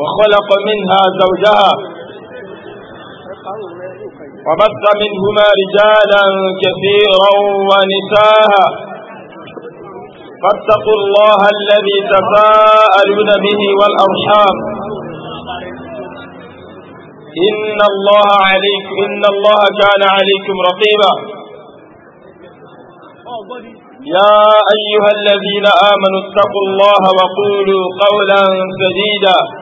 وخلق منها زوجها وبث منهما رجالا كثيرا ونساء فاتقوا الله الذي تساءلون به والأرحام إن الله عليك إن الله كان عليكم رقيبا يا أيها الذين آمنوا اتقوا الله وقولوا قولا سديدا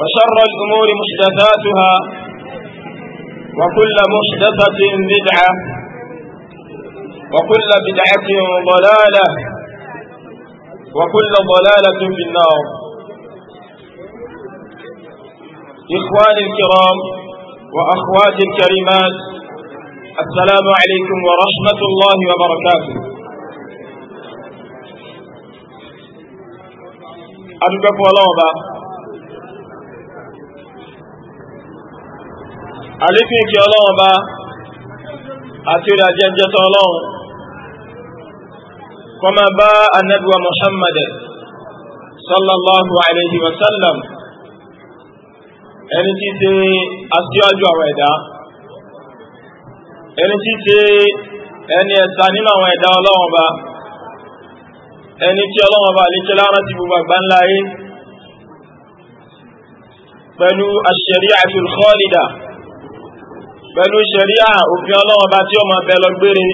وشر الأمور محدثاتها وكل محدثة بدعة وكل بدعة ضلالة وكل ضلالة في النار إخواني الكرام وأخواتي الكريمات السلام عليكم ورحمة الله وبركاته أدوكم الله àlékún ìkẹ́ ọlọ́run bá àti orí ajẹ́jẹ́ tán ọlọ́run kọmọ bá anẹ́bíwa Muhammad sallallahu alayhi wa sallam ẹni tí ṣe aṣíwájú àwọn ẹ̀dá ẹni tí ṣe ẹni ẹ̀ta nínú àwọn ẹ̀dá ọlọ́run bá ẹni tí ọlọ́run bá àlékẹ́ lára ti gbogbo àgbá ńlá yìí pẹ̀lú ash-shari'atul pẹ̀lú ṣẹ̀ríà òfin ọlọ́wọ́ bá tí ó máa bẹ lọ gbére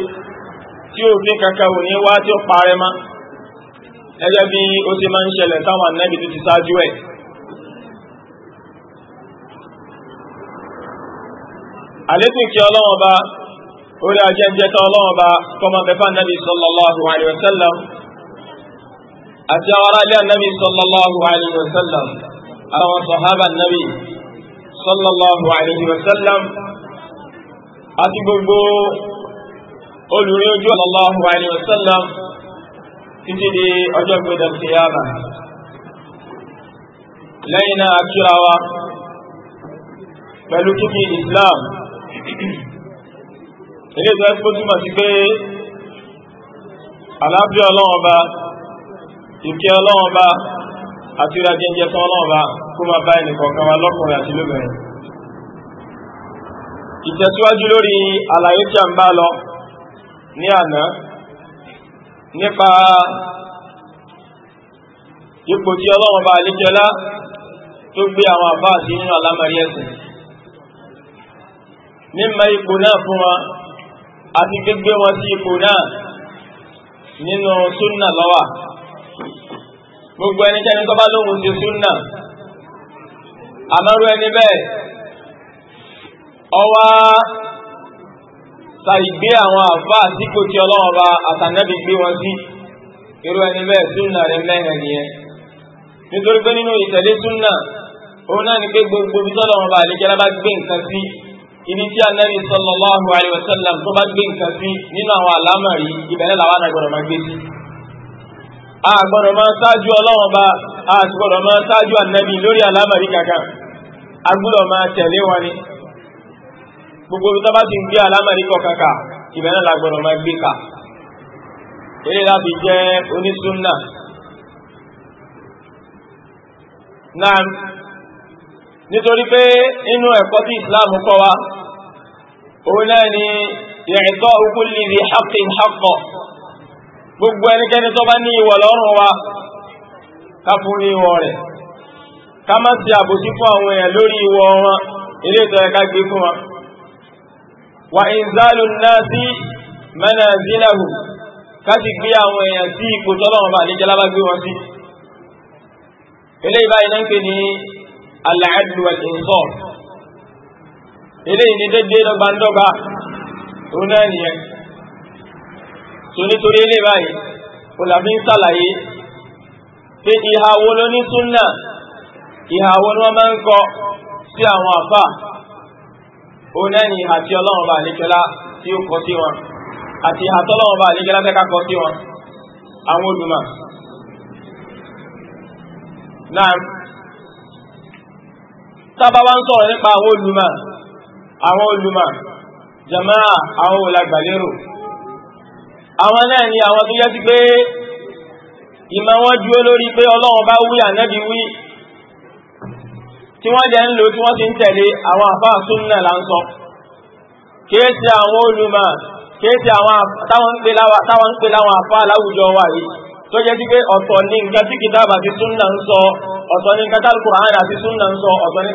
tí òfin kankan wò ní wá tí ó parẹ́ má ẹgẹ́ bí ó ti máa ń ṣẹlẹ̀ táwọn ànábì tó ti ṣáájú ẹ̀ àlékún kí ọlọ́wọ́ bá orí ajẹ́jẹ́ta ọlọ́wọ́ bá kọmọ bẹ́fà ànábì sallallahu alaihi wasallam àti àwọn aráàlú ànábì sallallahu alaihi wasallam àwọn sọ̀hábà ànábì sallallahu alaihi wasallam àti gbogbo olùrí ojú Allahu alayhi wa sallam títí di ọjọ́ gbẹdẹ̀ kìyàmà lẹ́yìn náà kíra wa pẹ̀lú kíkí Islam ilé ìjọ ẹ́sìkò túnmọ̀ sí pé àlàáfíà ọlọ́wọ́n ìkẹ́ ọlọ́wọ́n àti ìrajẹjẹ tán ọlọ́wọ́n bá kó máa bá ẹnìkọ̀ọ̀kan wa lọ́kùnrin àti lóbìnrin ìtẹ̀síwájú lórí àlàyé tí a ń bá lọ ní àná nípa ipò tí ọlọ́run bá alékẹ́lá tó gbé àwọn àbá àti nínú alámọ̀rí ẹ̀sìn mímọ ipò náà fún wọn àti gbígbé wọn sí ipò náà nínú súnnà lọ́wà gbogbo ẹnikẹ́ni tó bá lóhun ti súnnà àmọ́rú ẹni bẹ́ẹ̀ ọwá ṣàìgbé àwọn àfá sípò tí ọlọ́wọ́ bá àtànẹ́bì gbé wọn sí irú ẹni bẹ́ẹ̀ súnà rẹ̀ mẹ́rin nìyẹn nítorí pé nínú ìtẹ̀lé súnà òun náà ni pé gbogbo bí tọ́lọ́wọ́ bá àlejẹ́lá bá gbé nǹkan sí ibi tí Ànábì sallallahu alaihi wasallam tó bá gbé nǹkan sí nínú àwọn àlámọ̀rí ìbẹ̀rẹ̀ làwọn àgbọ̀dọ̀ máa gbé sí a máa ṣáájú Ọlọ́run gbogbo ibi tó bá ti ń gbé alámàrí kọkàkà ibẹ̀ náà lágbọ́dọ̀ máa gbé kà eré láti jẹ́ onísúnnà náà nítorí pé inú ẹ̀kọ́ tí Islam kọ́ wa òun náà ni ìrìntọ́ kulli dhi haqqin haqqo gbogbo ẹnikẹ́ni tó bá ní ìwọ̀ lọ́rùn wa ká fún ìwọ̀ rẹ̀ ká má sí àbòsí fún àwọn èèyàn lórí ìwọ̀ wọn ilé ìtọ́ ẹ̀ká gbé fún wọn وإنزال الناس منازلهم kati gbé àwọn èèyàn sí ipò tọ́lọ́wọ́n bá níjẹ́ lábá gbé wọn sí eléyìí báyìí náà ń pè ní al-'adlu wal-insaf eléyìí ní dédé dọ́gbandọ́gba òun náà nìyẹn tó nítorí eléyìí báyìí kò làbí ń sàlàyé pé ìhà ló ní súnnà ìhà ni wọ́n máa ń kọ sí àwọn àfáà òun náà ni àti ọlọ́run bá àlékẹ́lá tí ó kọ sí wọn àti àtọ́lọ́run bá àlékẹ́lá tẹ́ka kọ sí wọn àwọn olùmọ̀ náà tábà wá ń sọ̀rọ̀ nípa àwọn olùmọ̀ àwọn olùmọ̀ jàmáà àwọn olàgbàlérò àwọn náà ni àwọn tó yẹ sí pé ìmọ̀ wọn dúró lórí pé ọlọ́run wí ànábì wí tí wọ́n jẹ́ ń lò tí wọ́n ti ń tẹ̀lé àwọn àfáà súnnà là ń sọ kéèsì àwọn olùmọ̀ kéèsì àwọn táwọn ń pè láwọn àfáà láwùjọ wà yìí tó jẹ́ sí pé ọ̀tọ̀ ní nǹkan tí kìtàbà àti súnnà ń sọ ọ̀tọ̀ ní nǹkan tálùkù àárín àti súnnà ń sọ ọ̀tọ̀ ní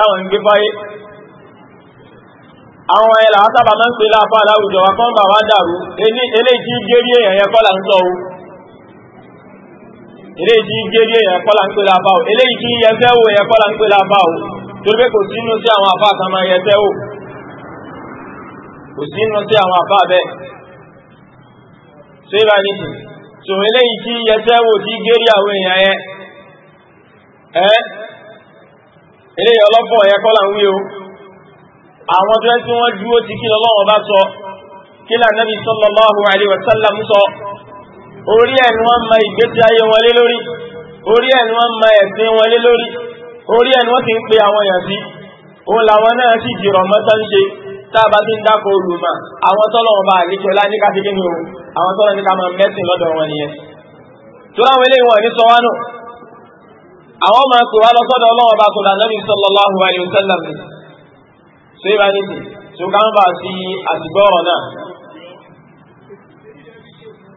táwọn ń gbé fáyé àwọn ẹlà sábà máa ń pè láàfáà láwùjọ wa kọ́ ń bà wá dàrú eléjì gérí èèyàn yẹn kọ́ là ń sọ ohun eléyìí tí gérí èèyàn kọ́lá ń pè lábá o eléyìí tí yẹsẹ́ wò èèyàn kọ́lá ń pè lábá o torí pé kò sínú sí àwọn àfáà kan máa yẹsẹ́ wò kò sínú sí àwọn àfáà bẹ́ẹ̀ ṣé báyìí nìyí tò eléyìí tí yẹsẹ́ wò tí gérí àwọn èèyàn yẹn ẹ́ eléyìí ọlọ́pọ̀ èèyàn kọ́lá ń wí o àwọn tó ń tí wọ́n dúró ti kí lọ́wọ́ bá sọ kí lànà bí sallallahu alaihi wasallam sọ orí ẹ̀ ni wọ́n ma ìgbésí ayé wọn lé lórí orí ẹ̀ ni wọ́n ma ẹ̀sìn wọn lé lórí orí ẹ̀ ni wọ́n ti ń pe àwọn èèyàn sí òun làwọn náà sì jìrọ̀ mọ́tọ́ ń ṣe tába tí ń dákọ̀ olùmọ̀ àwọn tọ́lọ̀wọ̀n bá àlékẹ́ ọlá ní ká sí kíni ohun àwọn tọ́lọ̀ ní ká máa mẹ́sìn lọ́dọ̀ wọn nìyẹn tó láwọn ilé wọn ní sọwánù àwọn máa kò wá lọ́sọ́dọ̀ ọlọ́wọ́n bá kò lànà ní sallallahu alaihi wasallam ní ṣé bá ní sí bá sí àtìgbọ́ ọ̀rọ̀ náà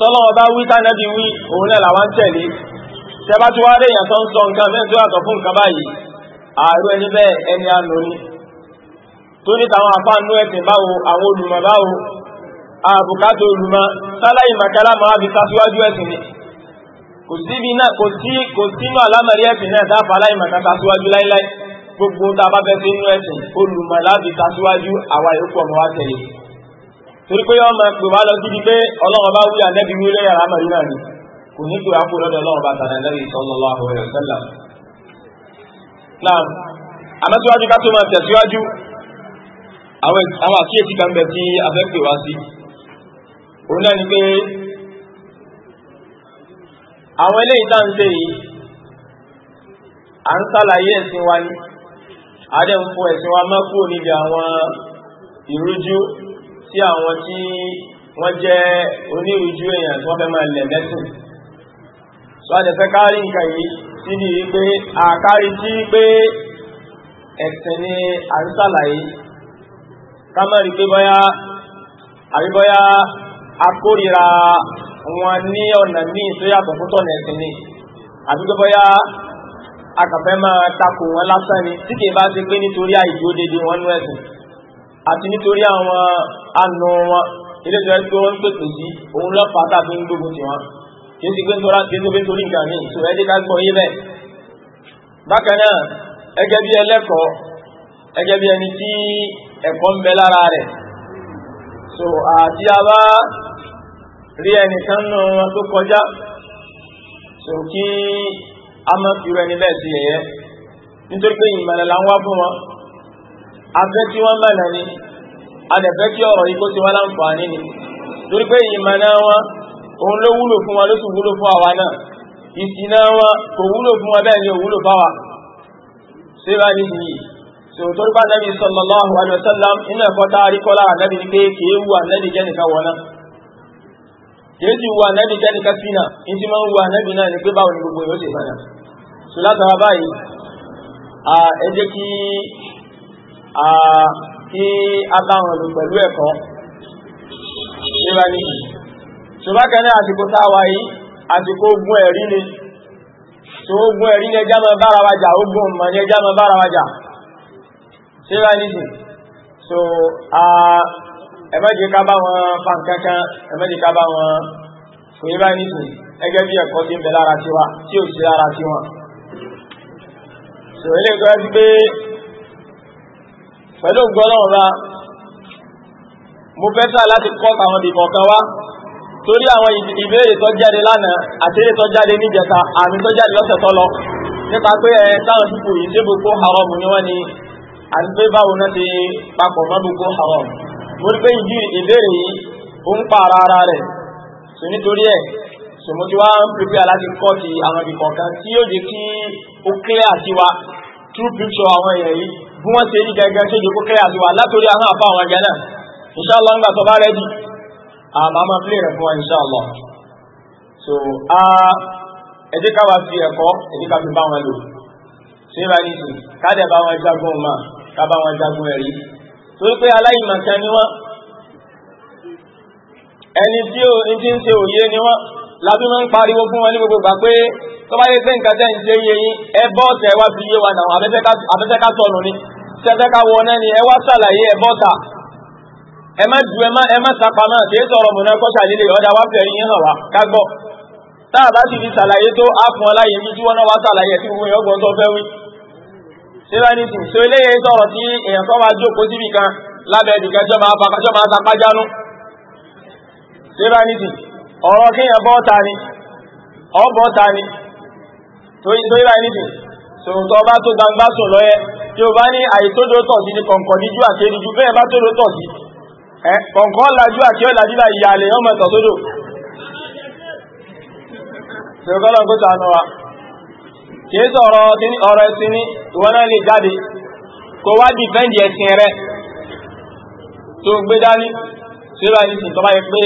tọ́lọ́wọ́ bá wí tánàbí wí òun náà làwọn tẹ̀lé tẹ́bá tí wọ́n rèèyàn tó ń sọ nǹkan mẹ́rin tó yàtọ̀ fún nǹkan báyìí ààrùn ẹni bẹ́ẹ̀ ẹni àánú ni tó ní tàwọn àfáànú ẹ̀sìn báwo àwọn olùmọ̀ báwo àbùkátò olùmọ̀ sáláì màkálà máa fi sáṣíwájú ẹ̀sìn ni kò sí ibi náà kò sí kò sínú àlámọ̀rí ẹ̀sìn náà dáàbò aláìmọ̀ká sáṣíwájú láíláí gbogbo tá a bá fẹ́ torí pé ọmọ pè wá lọ síbi pé ọlọ́run bá a ànẹ́bí wúlò yàrá àmàlú náà ni kò ní pè wá kó lọ́dọ̀ ọlọ́run bá tàdá lẹ́bí sallallahu alaihi wasallam. náà àmọ́síwájú ká tó máa tẹ̀síwájú àwọn àkíyèsí kan bẹ̀ tí a fẹ́ pè wá sí òun náà ni pé àwọn eléyìí tá à ń ṣe yìí à ń wa ni sí àwọn tí wọ́n jẹ́ onírújú èèyàn tí wọ́n fẹ́ máa lẹ̀ mẹ́sìn so a lè fẹ́ kárí nǹkan yìí síbi pé àkárí tí pé ẹ̀sìn ni à ń ṣàlàyé ká má rí pé bóyá àbí bóyá akórira wọn ní ọ̀nà míì tó yàtọ̀ fún tọ̀nà ni àbí pé bóyá akàfẹ́ máa takò wọn lásán ni tí kìí bá ti pé nítorí àìdúró déédéé wọn nú ẹ̀sìn àti nítorí àwọn àna wọn ilé ìjọba tí wọ́n ń pètò sí òun lọ́pàá tàbí ń gbógun tì wọ́n kì í sì gbé nítorá kì í tóbi nítorí nǹkan mi ìṣòro ẹdí ká gbọ́ yé bẹ́ẹ̀. bákan náà ẹgẹ́ bí ẹlẹ́kọ̀ọ́ ẹgẹ́ bí ẹni tí ẹ̀kọ́ ń bẹ lára rẹ̀ so àti a bá rí ẹnìkan nù wọn tó kọjá so kí a máa fi rẹ níbẹ̀ sí ẹ̀yẹ nítorí pé ìmọ̀lẹ̀ là ń wá fún wọn afẹ́ tí wọ́n mẹ́nà ni adẹ̀fẹ́ kí ọ̀rọ̀ yìí kó ti wá láǹfààní ni torí pé ìmọ̀nà wọn òun ló wúlò fún wa ló sì wúlò fún àwa náà ìsìnà wọn kò wúlò fún wa bẹ́ẹ̀ ni ò wúlò fáwa ṣé bá ní yìí sọ torí bá nàbí sallallahu alaihi wasallam inú ẹ̀kọ́ tá a rí kọ́lá ànábì ni pé kìí wù ànábì jẹ́ nìkan wọ̀ náà kìí sì wù ànábì jẹ́ nìkan sínà ní ti máa ń wù ànábì náà ni pé báwo ni gbogbo yóò ṣe mọ́nà sọ látara báyìí ẹ jẹ́ kí kí a bá wọn lò pẹ̀lú ẹ̀kọ́ nígbà ní ṣùgbọ́n ní àsìkò táwa yìí àsìkò ogun ẹ̀rí ni tí ó gún ẹ̀rí ní ẹjá máa bára wájà ó gún ọmọ ní ẹjá máa bára wájà síra nìsì so ẹmẹ́jì ká bá wọn fan kankan ẹmẹ́jì ká bá wọn fún ibá nìsì ẹgẹ́ bí ẹ̀kọ́ tí ń bẹ lára tiwa tí ò sí lára tiwọn so ilé ìgbẹ́ pẹ̀lú ògbọ́lọ́wọ́ bá mo fẹ́ sá láti kọ́ àwọn ìbọn kan wá torí àwọn ìbéèrè tó jáde lánàá àtẹ́rẹ tó jáde níjẹta àmì tó jáde lọ́sẹ̀ tó lọ nípa pé ẹ táwọn pípò yìí ṣé gbogbo haram ni wọ́n ni àti pé báwo náà ti papọ̀ mọ́ gbogbo haram mo rí pé ìdí ìbéèrè yìí ó ń pa ara ara rẹ̀ sọ nítorí ẹ̀ sọ mo ti wá ń pèpè láti kọ́ ti àwọn ìbọn kan tí yóò jẹ́ kí ó clear sí wa true picture àwọn èèyàn yìí bí wọ́n ṣe rí gẹ́gẹ́ tó jẹ́ kó kẹ́ àti wà látòrí àwọn àfa àwọn ẹgbẹ́ náà inṣàlá ń gbà tó bá rẹ́dì àmà máa rẹ̀ fún wa inṣàlá so a ẹ̀jẹ̀ ká wa fi ẹ̀kọ́ ẹ̀jẹ̀ ká fi bá wọn lò ṣé bá ní sùn káàdẹ̀ bá wọn jagun mà ká bá wọn jagun ẹ̀rí torí pé aláìmọ̀kan ni wọ́n ẹni tí ó ń ṣe òye ni wọ́n Labi máa ń pariwo fún wọn ní gbogbo gbà pé tó bá yẹ sẹ́ nǹkan tẹ́ ń jẹ́ yé ẹ bọ́ọ̀tà ẹ wá fi yé wa náà abẹ́fẹ́ ká sọnù ni tẹ́fẹ́ ká wọ náà ni ẹ wá sàlàyé ẹ bọ́ọ̀tà ẹ má ju ẹ má sàpamọ́ kì í sọ̀rọ̀ mọ̀nà kọ́ṣà líle ọ̀dà wá fẹ́ yín hàn wá ká gbọ́ tá a bá sì fi sàlàyé tó á fún ọ láyé ní tí wọ́n náà wá sàlàyé tí gbogbo ìyọ́gbọ̀n tó fẹ́ ọ̀rọ̀ kíyàn bọ́ta ni ọ̀bọ̀ta ni tó ìbá ìrìnjìn sòrùntọ́ bá tó gbangba sùn lọ́yẹ tí ó bá ní àìtódó sí ni kọ̀ǹkọ̀ níjú àkérí ju bẹ́ẹ̀ bá tódó tọ̀ sí kọ̀ǹkọ̀ lajú àkéọ́ làdílà ìyàlẹ̀ yọ́mọ̀ tọ̀ sódò kìí sọ̀rọ̀ ọ̀rọ̀ ẹ̀sìn ní ìwọ náà lè jáde kó wá dìfẹ́ǹdì ẹ̀sìn rẹ̀ tó gbé dání tí ó bá ní sìn tọ́ bá yẹ pé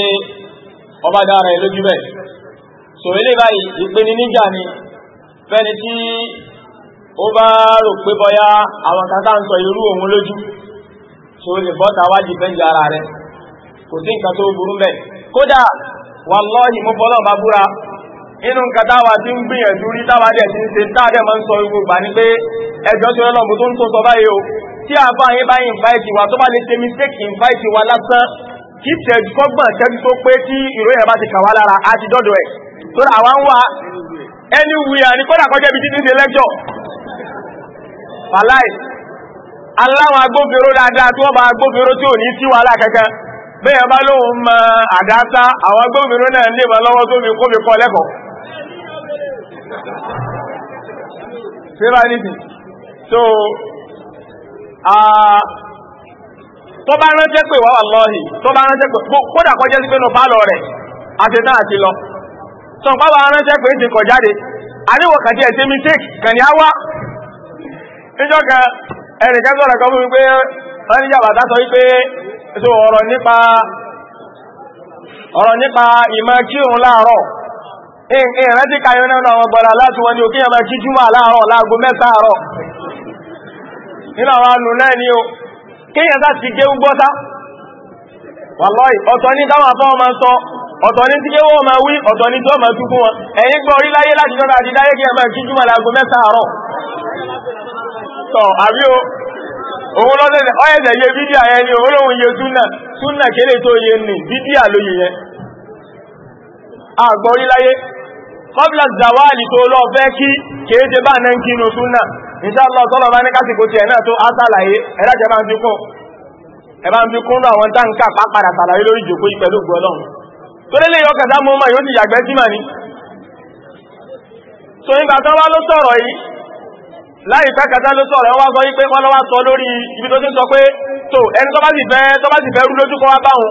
ọba dára ẹ̀ lójú bẹ́ẹ̀ so ilé báyìí ìpeni níjà ni fẹ́ni tí ó bá rò pé bọ́yá àwọn kátà ń sọ irú òun lójú so lè bọ́ta wájì fẹ́ǹdì ara rẹ̀ kò sí nǹkan tó burú bẹ́ẹ̀ kódà wàlọ́ọ̀hì mú bọ́lọ̀ bá búra inú nǹkan táwa ti ń gbìyànjú rí táwa ti ń ṣe táàdẹ̀ máa ń sọ gbà ní pé ẹjọ́ tí ọlọ́mù tó ń tó sọ báyìí o tí yín wa tó bá lè ṣe mistake kí tẹ̀gbọ́gbọ̀n tẹ́bí tó pé tí ìròyìn ẹ̀bá ti kàwà lára a ti dọ́dọ̀ ẹ̀ tó rà wá ń wá ẹni wùyà ní kọ́dà kọjẹ́ ibi títí lẹ́jọ́ fàláì aláwọn agbófinró dáadáa tí wọ́n bá agbófinró tí ò ní sí wàhálà kankan bẹ́ẹ̀ bá lóhun mọ àdáta àwọn agbófinró náà lè mọ lọ́wọ́ tó fi kó fi kọ́ lẹ́kọ̀ọ́ so, uh, tó bá ránṣẹ́ pé wà wallahi tó bá ránṣẹ́ pé kódà kọjá sí pé pálọ̀ rẹ̀ àṣetán àti lọ sọ pá bá ránṣẹ́ pé ti kọ̀ àríwọ̀ kàdí mistake kàn ní níjọ́ kan sọ̀rọ̀ kan sọ wípé so ọ̀rọ̀ nípa ọ̀rọ̀ nípa ìmọ̀ kírun láàárọ̀ ìrántí nínú àwọn láti wọn òkè yẹn máa kí júmọ̀ láàárọ̀ mẹ́ta àárọ̀ nínú àwọn náà ni o kéèyàn sá ti kéwú gbọ́ta wàlọ́ì ọ̀tọ̀ ní táwọn afọ́ ọmọ sọ ọ̀tọ̀ ní tí kéwọ́ ọmọ wí ọ̀tọ̀ ní tí ọmọ tú fún wọn ẹ̀yìn gbọ́ orí láyé láti jọ́nà àti dáyé kí ẹ máa kíjú mẹ́ta àárọ̀ àbí o òun lọ́sẹ̀ ọ̀yẹ̀sẹ̀ yé bídíà yẹn ni òun yé kọ́bílá zawali tó lọ fẹ́ kí kéèjẹ bá náà kí inú súnnà inshallah tọ́lọ̀ bá ní kásìkò tí ẹ̀nà tó ásàlàyé ẹ̀lájẹ́ bá ń fi kún ẹ̀bá ń fi kún náà wọn táǹkà pápára sàlàyé lórí jòkó ìpẹ̀lú gbọ́lọ́run tó lélẹ̀ yọ kàtà mọ́ yóò ti yàgbẹ́ sí màní so nígbà tán wá ló sọ̀rọ̀ yìí láì pẹ́ kàtà ló sọ̀rọ̀ wá sọ yí pé wọ́n lọ́wọ́ sọ lórí ibi tó ti sọ pé tó ẹni tó bá sì fẹ́ rú lójú kọ́ wá báwọn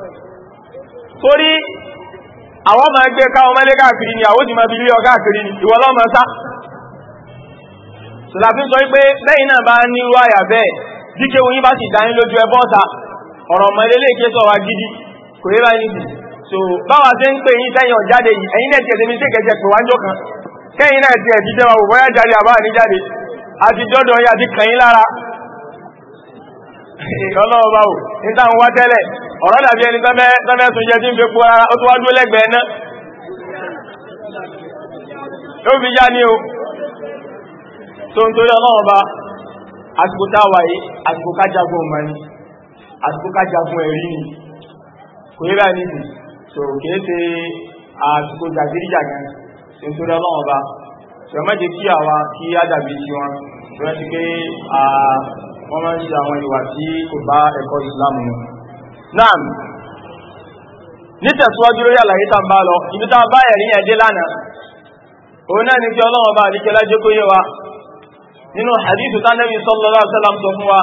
torí àwọn máa ẹgbẹ́ káwọn mẹ́lẹ́ káàkiri ni àwọn òjìmọ̀ ilé ọgá ni ìwọ lọ́mọ sá sọ̀làfín sọ wípé lẹ́yìn náà bá ní irú àyà bẹ́ẹ̀ díkẹ́ oyin bá sì dáyín lójú ẹbọ́ ọ̀ta ọ̀rọ̀ ọmọ ilé léèké sọ̀rọ̀ gidi kò yé bá yìí so báwa ṣe ń pè yín sẹ́yìn ọ̀jáde yìí ẹ̀yin náà ti jẹ́ ọ̀rọ̀ dàbí ẹni tọ́mẹ́ tún jẹ́ tí ń fi pò ara ó tó wá dúó lẹ́gbẹ̀ẹ́ náà ó fi já ní o tó ń torí ọlọ́run bá àsìkò táwà yìí àsìkò kájagun ọmọ ni àsìkò kájagun ẹ̀rí ni kò yíra níbi tó kìí ṣe àsìkò jàgídíjàgan tó ń pé wọ́n máa ń àwọn ìwà tí kò bá ẹ̀kọ́ ìsìlámù náà náà nítẹ̀síwájú lórí àlàyé tá ń bá lọ ibi tá bá ẹ̀rí yẹn dé lánàá òun náà ni kí ọlọ́wọ́ bá àdíkẹ́ lájé kó yé wa nínú hadithu tánẹ́bí sallallahu alaihi sọ fún wa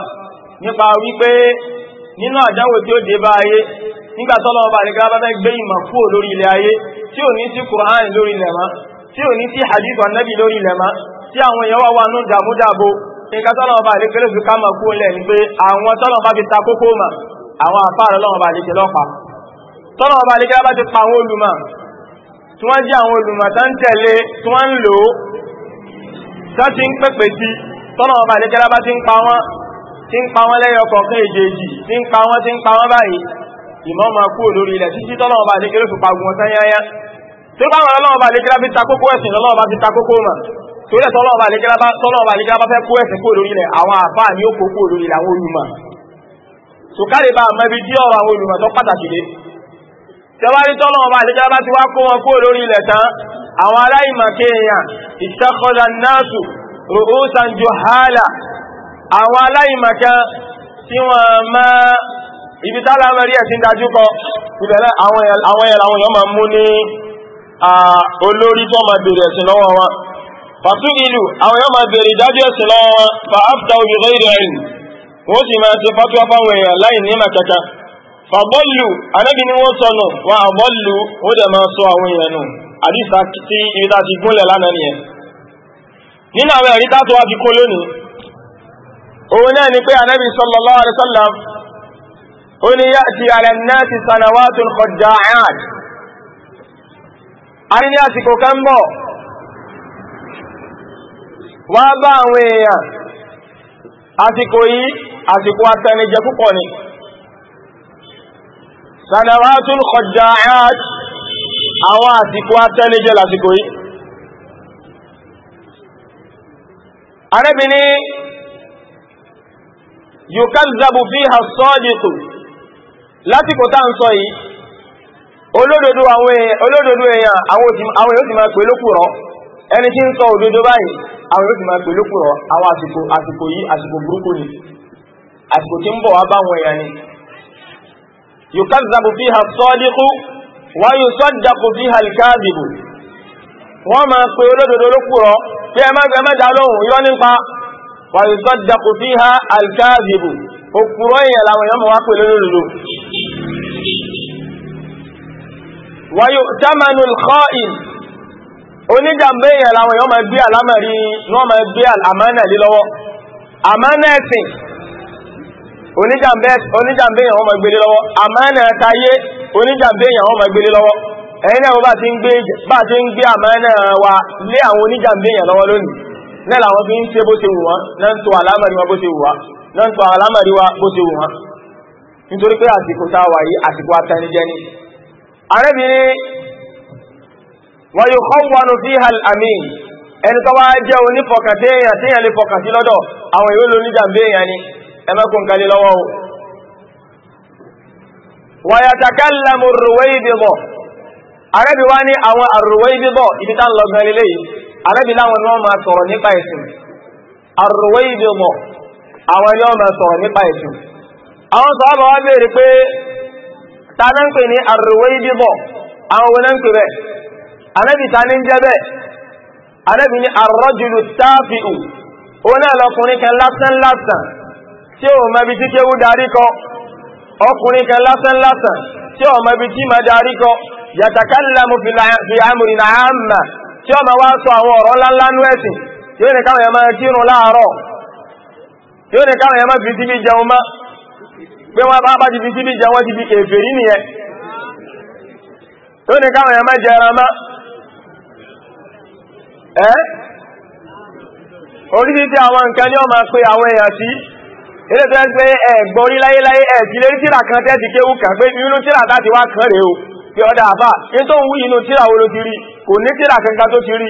nípa wípé nínú àdánwò tí ó dé bá ayé nígbà tọ́lọ́wọ́ bá àdíkẹ́ lábẹ́ gbé ìmọ̀ kúrò lórí ilẹ̀ ayé tí ò ní sí Qur'an lórí ilẹ̀ mọ́ tí ò ní sí hadithu lórí ilẹ̀ mọ́ tí àwọn èèyàn wà wà nù dàmúdàbò bá àdíkẹ́ ká àwọn àfáàrọ̀ lọ́wọ́ bá lékẹ́ lọ́pa tọ́lọ́wọ́ bá lékẹ́ bá ti pa àwọn olùmọ̀ tí wọ́n jẹ́ àwọn olùmọ̀ tó ń tẹ̀lé tí wọ́n ń lò ó tó ti ń pẹ̀pẹ̀ sí tọ́lọ́wọ́ bá lékẹ́ bá ti ń pa wọ́n ti ń pa wọ́n lẹ́yọ kọ̀ọ̀kan èjèèjì ti ń pa wọ́n ti ń pa wọ́n báyìí ìmọ̀ máa kú lórí ilẹ̀ títí tọ́lọ́wọ́ bá lékẹ́ ló fi pa wọn tán yáyá tí ó bá wọn lọ́wọ́ bá lékẹ́ fi ta kókó ẹ̀sìn lọ́wọ́ bá fi ta kókó mà torí ẹ̀ tọ́lọ́wọ́ bá lékẹ́ bá fẹ́ kó ẹ̀sìn kó lórí ilẹ̀ àwọn àfáà ni ó kó kó lórí ilẹ̀ àwọn olùmọ̀ sùkárì bá àmọ́ ibi tí ọ̀rọ̀ àwọn olùmọ̀ tó pàtàkì dé tẹwárí tọ́lọ́ ọba àti jábá ti wá kó wọn kó lórí ilẹ̀ tán àwọn aláìmọ̀ké èèyàn ìṣẹ́kọ̀dà náàsù rùúsàn juhala àwọn aláìmọ̀ké tí wọ́n mọ́ ibi tálàmẹ́rí ẹ̀ ti ń dájú kọ ìbẹ̀rẹ̀ àwọn ẹ̀làwọn èèyàn máa mú ní olórí tó máa bèèrè ẹ̀sìn lọ́wọ́ wọn fàtún ìlú àwọn èèyàn máa bèèrè ìdájọ́ ẹ̀sìn lọ́wọ́ wọn fà áfítà òyìnbó ìrìn wọ́n sì máa ṣe fatuwa fáwọn èèyàn láì ní màkàkà fàbọ́lù anábì ni wọ́n sọnù wọn àbọ́lù ó dẹ̀ máa sọ àwọn èèyàn nù àdìsá tí ibi tá ti gúnlẹ̀ lánàá nìyẹn nínú àwọn ẹ̀rí tá tó wá fi kó lónìí òun náà ni pé anábì sallallahu alaihi wasallam ó ní ya'ti ala an-nasi sanawatun khadda'at a ní ní àsìkò kan bọ̀ wá bá àwọn èèyàn àsìkò yìí àsìkò atẹnijẹ púpọ̀ ni sanawatul khajja'at àwọn àsìkò atẹnijẹ lásìkò yìí arẹ́bìnrin yukazzabu fiha as-sadiqu lásìkò tá ń sọ yìí olódodo àwọn èèyàn àwọn èèyàn ti máa pè lókùrọ̀ ẹni tí ń sọ òdodo báyìí àwọn èèyàn ti máa pè lókùrọ̀ àwọn àsìkò yìí àsìkò burúkú ni àsìkò tí ń bọ̀ wá báwọn èèyàn ni yukazzabu fiha as-sadiqu wa yusaddaqu fiha al-kadhibu wọ́n máa pe olódodo ló kúrọ̀ pé ẹ mẹ́fẹ́ mẹ́ta lóhùn yọ́ nípa wa yusaddaqu fiha al-kadhibu òkúrọ̀ èèyàn làwọn èèyàn máa wá pè lódodo wa yu'tamanu al-kha'in oníjàmbé èèyàn làwọn èèyàn máa gbé àlámẹ̀rí ní wọ́n máa gbé àmánà lé lọ́wọ́ àmánà ẹ̀sìn oníjàmbé èèyàn wọ́n ma gbélé lọ́wọ́ àmánà tayé oníjàmbé èèyàn wọ́n ma gbélé lọ́wọ́ ẹ̀yìn náà bá ti ń gbé àmánà wa lé àwọn oníjàmbé èèyàn lọ́wọ́ lónìí náà làwọn fi ń ṣe bó ṣe wù wọ́n náà ń tò àlámàrí wa bó ṣe wù wọ́n nítorí pé àsìkò táwà yìí àsìkò atẹnijẹ ni wọ́n yóò kọ́wọ́nù sí al-amin ẹni tó wá jẹ́ onífọkàtẹ́yàn tí yẹn lè fọkàtí lọ́dọ̀ àwọn ìwé lóníjàmbéyàn ni ẹmẹ́kùn kalé lọ́wọ́ o wàyàtàkàlàmù rúwẹ́ìdìbọ̀ arẹ́bí wá ní àwọn àrúwẹ́ìdìbọ̀ ibi tá ń lọ gan lélẹ́ yìí arẹ́bí láwọn náà máa sọ̀rọ̀ nípa ẹ̀sìn àrúwẹ́ìdìbọ̀ àwọn ni wọ́n máa sọ̀rọ̀ nípa ẹ̀sìn àwọn sọ̀rọ̀ wá béèrè pé ta náà ń pè ní àrúwẹ́ìdìbọ̀ àwọn wo ń pè bẹ́ẹ̀ arẹ́bí ta ń jẹ́ bẹ́ẹ̀ arẹ́bí ní àrọ́jùlù táàfì òun náà lọkùnrin kan lásán lásán tí ò mẹ́bi tí kéwú darí kọ ọkùnrin kan lásán lásán tí tí ma darí kọ yatakallamu fi amrina amma tí o ma wá sọ àwọn ọ̀rọ̀ ńláńlá nú ẹ̀sìn yóò ní káwọn ẹ̀mọ́ kírun láàárọ̀ yóò ní káwọn ẹ̀mọ́ fi jẹun pé wọ́n bá bá ti fi síbí jẹun wọ́n ti fi nìyẹn ní káwọn ma pe àwọn èèyàn sí ilé tó ń pé ẹ̀gbọ́n orí láyéláyé ẹ̀tí lé tíra kan tẹ́ẹ̀tì kéwú kàn pé inú tíra láti wá kàn rèé o pé ọ̀dà àfà ní tó ń wú inú tíra wo ló ti rí kò ní tíra kankan tó ti rí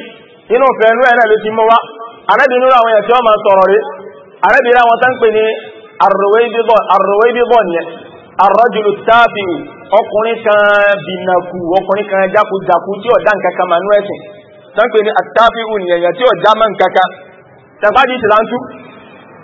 inú fẹ̀ẹ́nú ẹ̀ náà ló ti mọ́ wá arábìnú àwọn ẹ̀tí ọmọ sọ̀rọ̀ rí arábìnrin àwọn tán pè ní arrowébíbọ̀ nìyẹn arrọ́jùlù táàbì ọkùnrin kan bìnàkù ọkùnrin kan jákujàku tí ọ̀dá nǹkan kan manú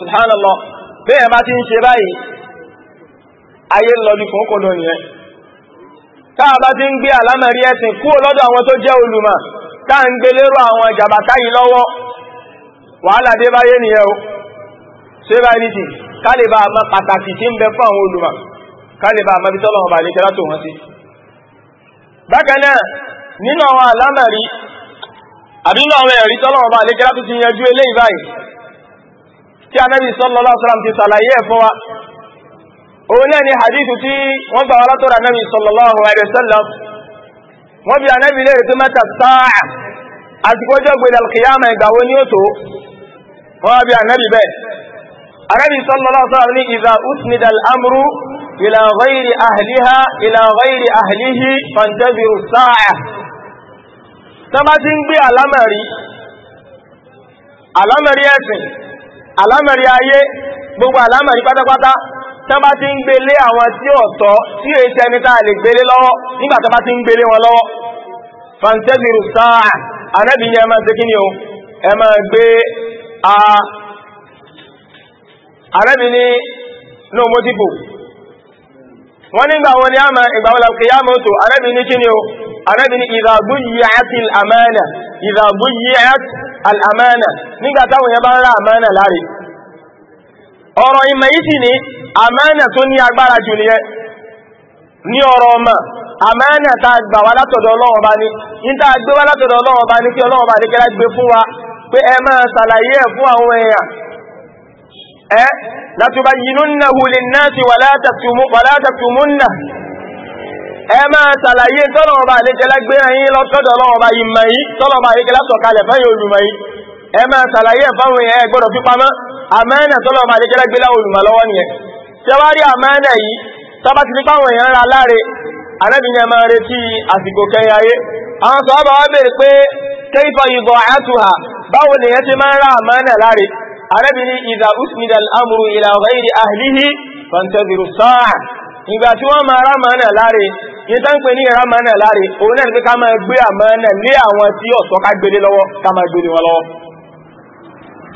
subhanallah bẹ́ẹ̀ bá ti ń ṣe báyìí ayé ń lọ bí kòókò lọ nìyẹn táà bá ti ń gbé àlámẹ̀rí ẹ̀sìn kúrò lọ́dọ̀ àwọn tó jẹ́ olùmọ̀ táà ń gbé lérò àwọn ìjàbàtà yìí lọ́wọ́ wàhálà dé báyé nìyẹn o ṣé báyìí ní ti kálíbà àmọ́ pàtàkì tí ń bẹ fún àwọn olùmọ̀ kálíbà àmọ́ bí tọ́lọ̀ ọba àlékẹ́lá tó wọ́n sí bákan náà nínú àwọn àlámẹ̀rí àbí àwọn ẹ̀rí tọ́lọ̀ ọba àlékẹ́lá tó ti yanjú eléyìí báyìí tí anábì sallallahu alaihi wasallam ti sàlàyé ẹ̀ fún wa òun náà ni hadithu tí wọ́n gbà wá látọ̀rọ̀ anábì sallallahu alaihi wasallam wọ́n bi anábì léèrè tó mẹ́ta sáà àsìkò ọjọ́ gbèdà kìyàmà ìgbà wo ni ó tó wọ́n bi anábì bẹ́ẹ̀ anábì sallallahu alaihi wasallam ní idha usnida al-amru àlámẹ̀rí ayé gbogbo àlámẹ̀rí pátápátá tán bá ti ń gbélé àwọn tí ọ̀tọ̀ tí èyí gbele tá lè gbélé lọ́wọ́ nígbà tán bá ti ń gbélé wọn lọ́wọ́ anẹ́bí a anẹ́bí ni náà mo wọ́n nígbà wọn ni àmà ìgbà yá mọ́tò anẹ́bí anẹ́bí al'amánà nígbà táwọn yẹn bá ń ra àmánà láre ọ̀rọ̀ ìmọ̀ yìí sì ni àmánà tó ní agbára jù nìyẹn ní ọ̀rọ̀ ọmọ àmánà tá a gbà wá látọ̀dọ̀ Ọlọ́run bá ní in tá a gbé wá látọ̀dọ̀ Ọlọ́run bá ní kí Ọlọ́run bá ní kẹ́lá gbé fún wa pé ẹ máa ṣàlàyé ẹ̀ fún àwọn èèyàn ẹ látùbá yìí nínú nahulin náà ti wà látàtùmúnnà ẹ máa ṣàlàyé tọ́lọ̀ ọba àlékẹ́lá gbé ẹyin lọ́sọ́dọ̀ ọlọ́wọ́ ọba yìí mọ̀ yìí tọ́lọ̀ ọba àlékẹ́lá sọ̀kalẹ̀ fẹ́yìn olùmọ̀ yìí ẹ máa ṣàlàyé fáwọn èèyàn ẹ gbọ́dọ̀ fipamọ́ àmẹ́nà tọ́lọ̀ ọba àlékẹ́lá gbé láwọn olùmọ̀ lọ́wọ́ nìyẹn tẹwárí àmẹ́nà yìí tọ́ba ti ní fáwọn èèyàn ra láre arábìnrin ẹ máa retí àsìkò kẹyìn ayé àwọn sọ ọba wa béèrè ìgbà tí wọ́n máa rá màánà láre ní tá ń pè ní ìran máa náà láre òun náà ni pé ká máa gbé àmọ́ náà lé àwọn tí ọ̀sọ́ ká gbélé lọ́wọ́ ká máa gbélé wọn lọ́wọ́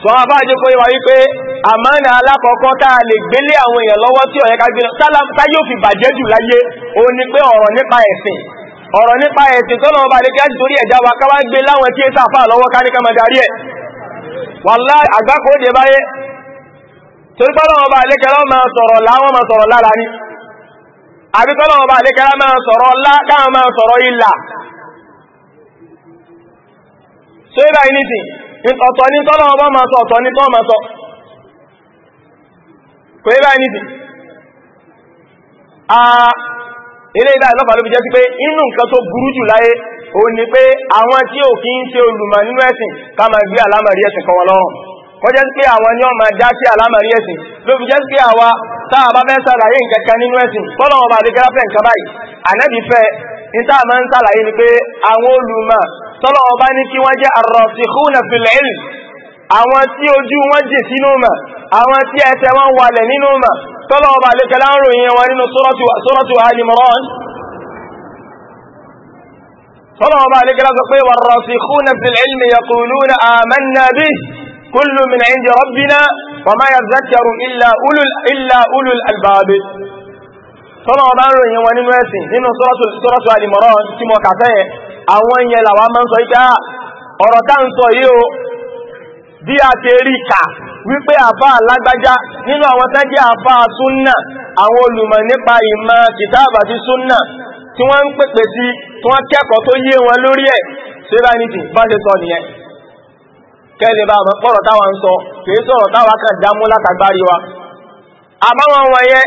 sọ wọn báyìí pé wà wípé àmọ́ alákọ̀ọ́kọ́ tá a lè gbélé àwọn èèyàn lọ́wọ́ tí ọ̀yẹ́ ká gbélé tá yóò fi bàjẹ́ jù láyé òun ni pé ọ̀rọ̀ nípa ẹ̀sìn ọ̀rọ̀ nípa ẹ̀sìn tó lọ́wọ́ bá lè kíláàsì torí ẹ̀já wa káwá gbé láwọn tí ó sàfà lọ́wọ́ ká ní ká máa àbí tọ́lọ̀wọ̀ bá lè káà máa sọ̀rọ̀ ọlá káà máa sọ̀rọ̀ ìlà so ibà inìsìn ọ̀tọ̀ ní tọ́lọ̀wọ̀ bá máa sọ ọ̀tọ̀ ní tọ́ máa sọ kò ibà inìsìn a ilé ìdá ìlọ́pàá ló fi jẹ́ sí pé inú nǹkan tó burú jù láyé ó ní pé àwọn tí ò kí ń ṣe olùmọ̀ nínú ẹ̀sìn ká máa gbé àlámàrí ẹ̀sìn kan wọn lọ́rùn kọjá sí pé àwọn ni wọ́n máa dá sí àlámàrí ẹ̀sìn ló fi jẹ́ sí pé àwa tá a bá fẹ́ ṣàlàyé nǹkan kan nínú ẹ̀sìn bọ́lọ̀ wọn bá lè kẹ́lá fẹ́ nǹkan báyìí ànábì fẹ́ ní tá a máa ń ṣàlàyé ni pé àwọn olùmọ̀ tọ́lọ̀ wọn bá ní kí wọ́n jẹ́ arrasikhuna fil ilm àwọn tí ojú wọn jì sínú mọ̀ àwọn tí ẹsẹ̀ wọn wàlẹ̀ nínú mọ̀ tọ́lọ̀ wọn bá ń ròyìn wọn nínú suratu Al-Imran tọ́lọ̀ wọn sọ pé warrasikhuna fil ilmi yaquluna wàmá yàzàkẹrù ilà ulul albaabe tọ́nà ọba ń ròyìn wọn nínú ẹ̀sìn nínú sọ́rọ̀tù alìmọ̀rọ̀ tí mọ̀ kàfẹ́ yẹn àwọn yẹn làwà máa ń sọ ìkà ah, ọ̀rọ̀ tá ń sọ yìí o bí a ti rí kà wípé àfá alágbájá nínú àwọn tẹ́jì àfá súnnà àwọn olùmọ̀ nípa ìmọ̀ kìtàbà ti súnnà tí wọ́n ń pèpè sí tí wọ́n kẹ́kọ̀ọ́ tó yé wọn lórí ẹ̀ sí kẹ́lẹ̀ bá wọn pọ̀rọ̀ táwa ń sọ kìí sọ̀rọ̀ kan wa àbáwọn wọ̀nyẹ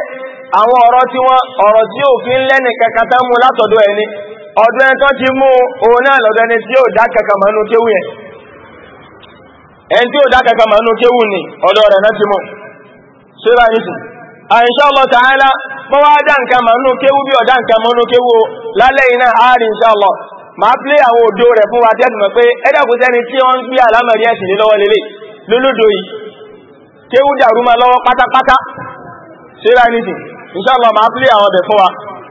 àwọn ọ̀rọ̀ tí wọ́n ọ̀rọ̀ tí fi ń ti mú òun náà lọ́dọ̀ ẹni tí dá kankan kéwù yẹn ẹni tí ó dá kankan mọ́ kéwù ni ọ̀dọ̀ rẹ̀ náà ti mú síra nìsín insha Allah bọ́wọ́ á dá nǹkan kéwù bí ọ̀dá nǹkan kéwù lálẹ́ yìí náà á máa plé àwọn òdo rẹ̀ fún wa tẹ́tùmọ̀ pé ẹ́dàkùn sẹ́ni tí wọ́n ń gbé àlámọ̀rí ẹ̀sìn ní lọ́wọ́ lélẹ̀ lólódò yìí kéwú dàrú ma lọ́wọ́ pátápátá ṣíra nìsìn inshallah máa plé àwọn ọbẹ̀ fún wa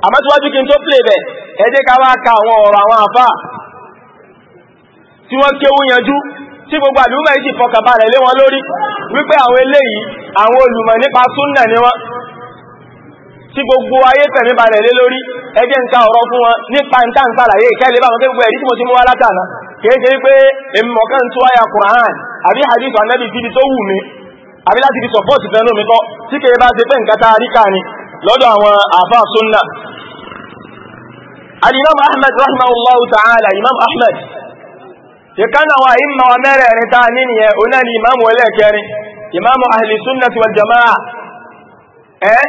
àmọ́ síwájú kí n tó plé bẹ̀ ẹ jẹ́ ká wá ka àwọn ọ̀rọ̀ àwọn àfà tí wọ́n kéwú yanjú tí gbogbo àdúgbò yìí sì fọkànbalẹ̀ lé wọn lórí wípé àwọn eléyìí àwọn olùmọ̀ nípa súnnà ni wọ́n tí gbogbo ayé tẹ̀mí balẹ̀ lé lórí ẹgbẹ́ ń ka ọ̀rọ̀ fún wọn nípa ìta ń sàlàyé ìkẹ́lẹ̀ bá wọn tẹ́gbẹ́ ẹ̀rí tí mo ti mú wá látàná kéèké pé èmọ̀kẹ́ ń tó àyà Kùránì àbí hadith anẹ́bí ti tó wù mí àbí láti fi sọ̀pọ̀tì fẹ́nu mi kọ́ tí kèé bá ṣe pé nǹkan tá a rí ká ni lọ́dọ̀ àwọn àfà súnnà al-imam ahmed rahimahullahu ta'ala imam ahmed ìkánà wa ìmọ̀ mẹ́rẹ̀ẹ̀rin ta ní nìyẹn onáni imam wọlé kẹrin imam ahli sunnati wal jama'a ẹ́ eh?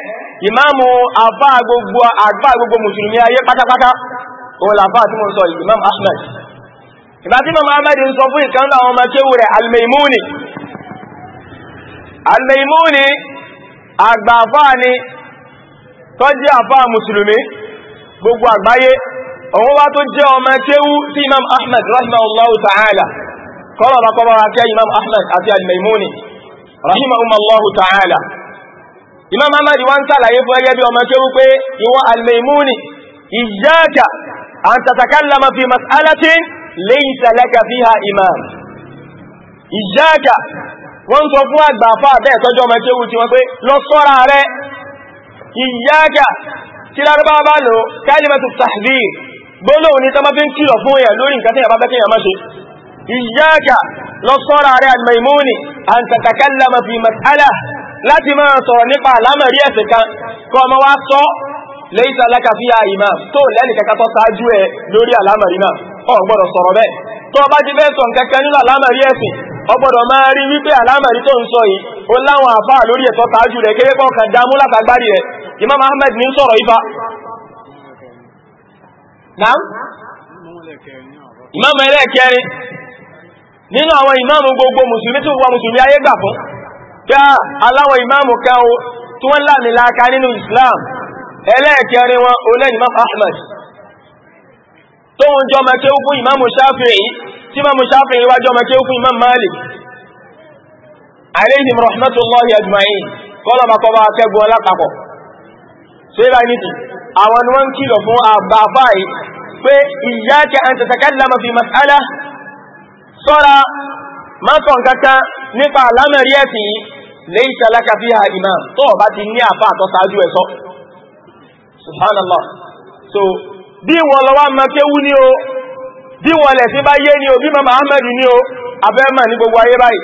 ìmáàmù àbá gbogbo àgbà gbogbo mùsùlùmí ayé pátápátá òun làbá tí mo sọ ìmáàmù Ahmed ìgbà tí mọ̀ Ahmed ń sọ fún ìkan láwọn ọmọ kéwù rẹ̀ Al-Maimuni Al-Maimuni àgbà àfá ni tó jẹ́ àfá mùsùlùmí gbogbo àgbáyé òun wá tó jẹ́ ọmọ kéwú sí imam ahmed rahimahullahu ta'ala kọ́lọ̀ rakọ́bára kẹ́ imam ahmed àti al-maimuni rahimahullahu ta'ala Imam Ahmad wá ń sàlàyé fún ẹgẹ́ bí ọmọ kéwú pé ìwọ al-Maimuni iyyaka an tatakallama fi mas'alatin laysa laka fiha imam iyyaka wọ́n sọ fún àgbà àfá àbẹ́ tọ́jọ́ ọmọ kéwú tí wọ́n pé lọ sọ́ra rẹ̀ iyyaka tí lárúbá bá lò kalimatu tahdhir gbólóhùn ní tọ́mọ fi ń mas'ala láti máa sọ̀rọ̀ nípa àlámẹ̀rí ẹ̀sìn kan ka ọmọ wá sọ lẹ́yìntà lákàfíà ìmá tó lẹ́nì kankan tó sáájú ẹ lórí àlámẹ̀rí náà o gbọ́dọ̀ sọ̀rọ̀ bẹ́ẹ̀ tó bá ti fẹ́ sọ nǹkankan nínú àlámẹ̀rí ẹ̀sìn ọ gbọ́dọ̀ máa rí wípé àlámẹ̀rí tó ń sọ yìí ó láwọn àfá lórí ẹ̀tọ́ sáájú rẹ̀ kéré kan dámú látàgbárí rẹ̀ ní sọ̀rọ̀ ifá Imam nínú àwọn gbogbo mùsùlùmí tó wà fún kí aláwọ̀ ìmáàmù kan o tí wọ́n láàmì láàká nínú Islam ẹlẹ́ẹ̀kẹrin wọn olẹ́ni Imam Ahmad tó ń jọ mẹ́kẹ́ fún ìmáàmù Shafi'i tí ìmáàmù Shafi'i wá jọ mẹ́kẹ́ fún Imam Malik alayhim rahmatullahi ajma'in kọ́lọ̀ bá kọba akẹ́gbọ́ lápapọ̀ ṣe bá ní àwọn ni wọ́n kìlọ̀ fún àbáfà yìí pé iyyaka an tatakallama fi kankan nípa àlámẹ̀rí ẹ̀sìn yìí laysa laka fiha imam tó o bá ti ní àfa àtọ́ subhanallah so bí wọn lọ wá máa o bí wọn lẹ̀ o mama ahmed ní o abẹ́mà ní gbogbo ayé bai.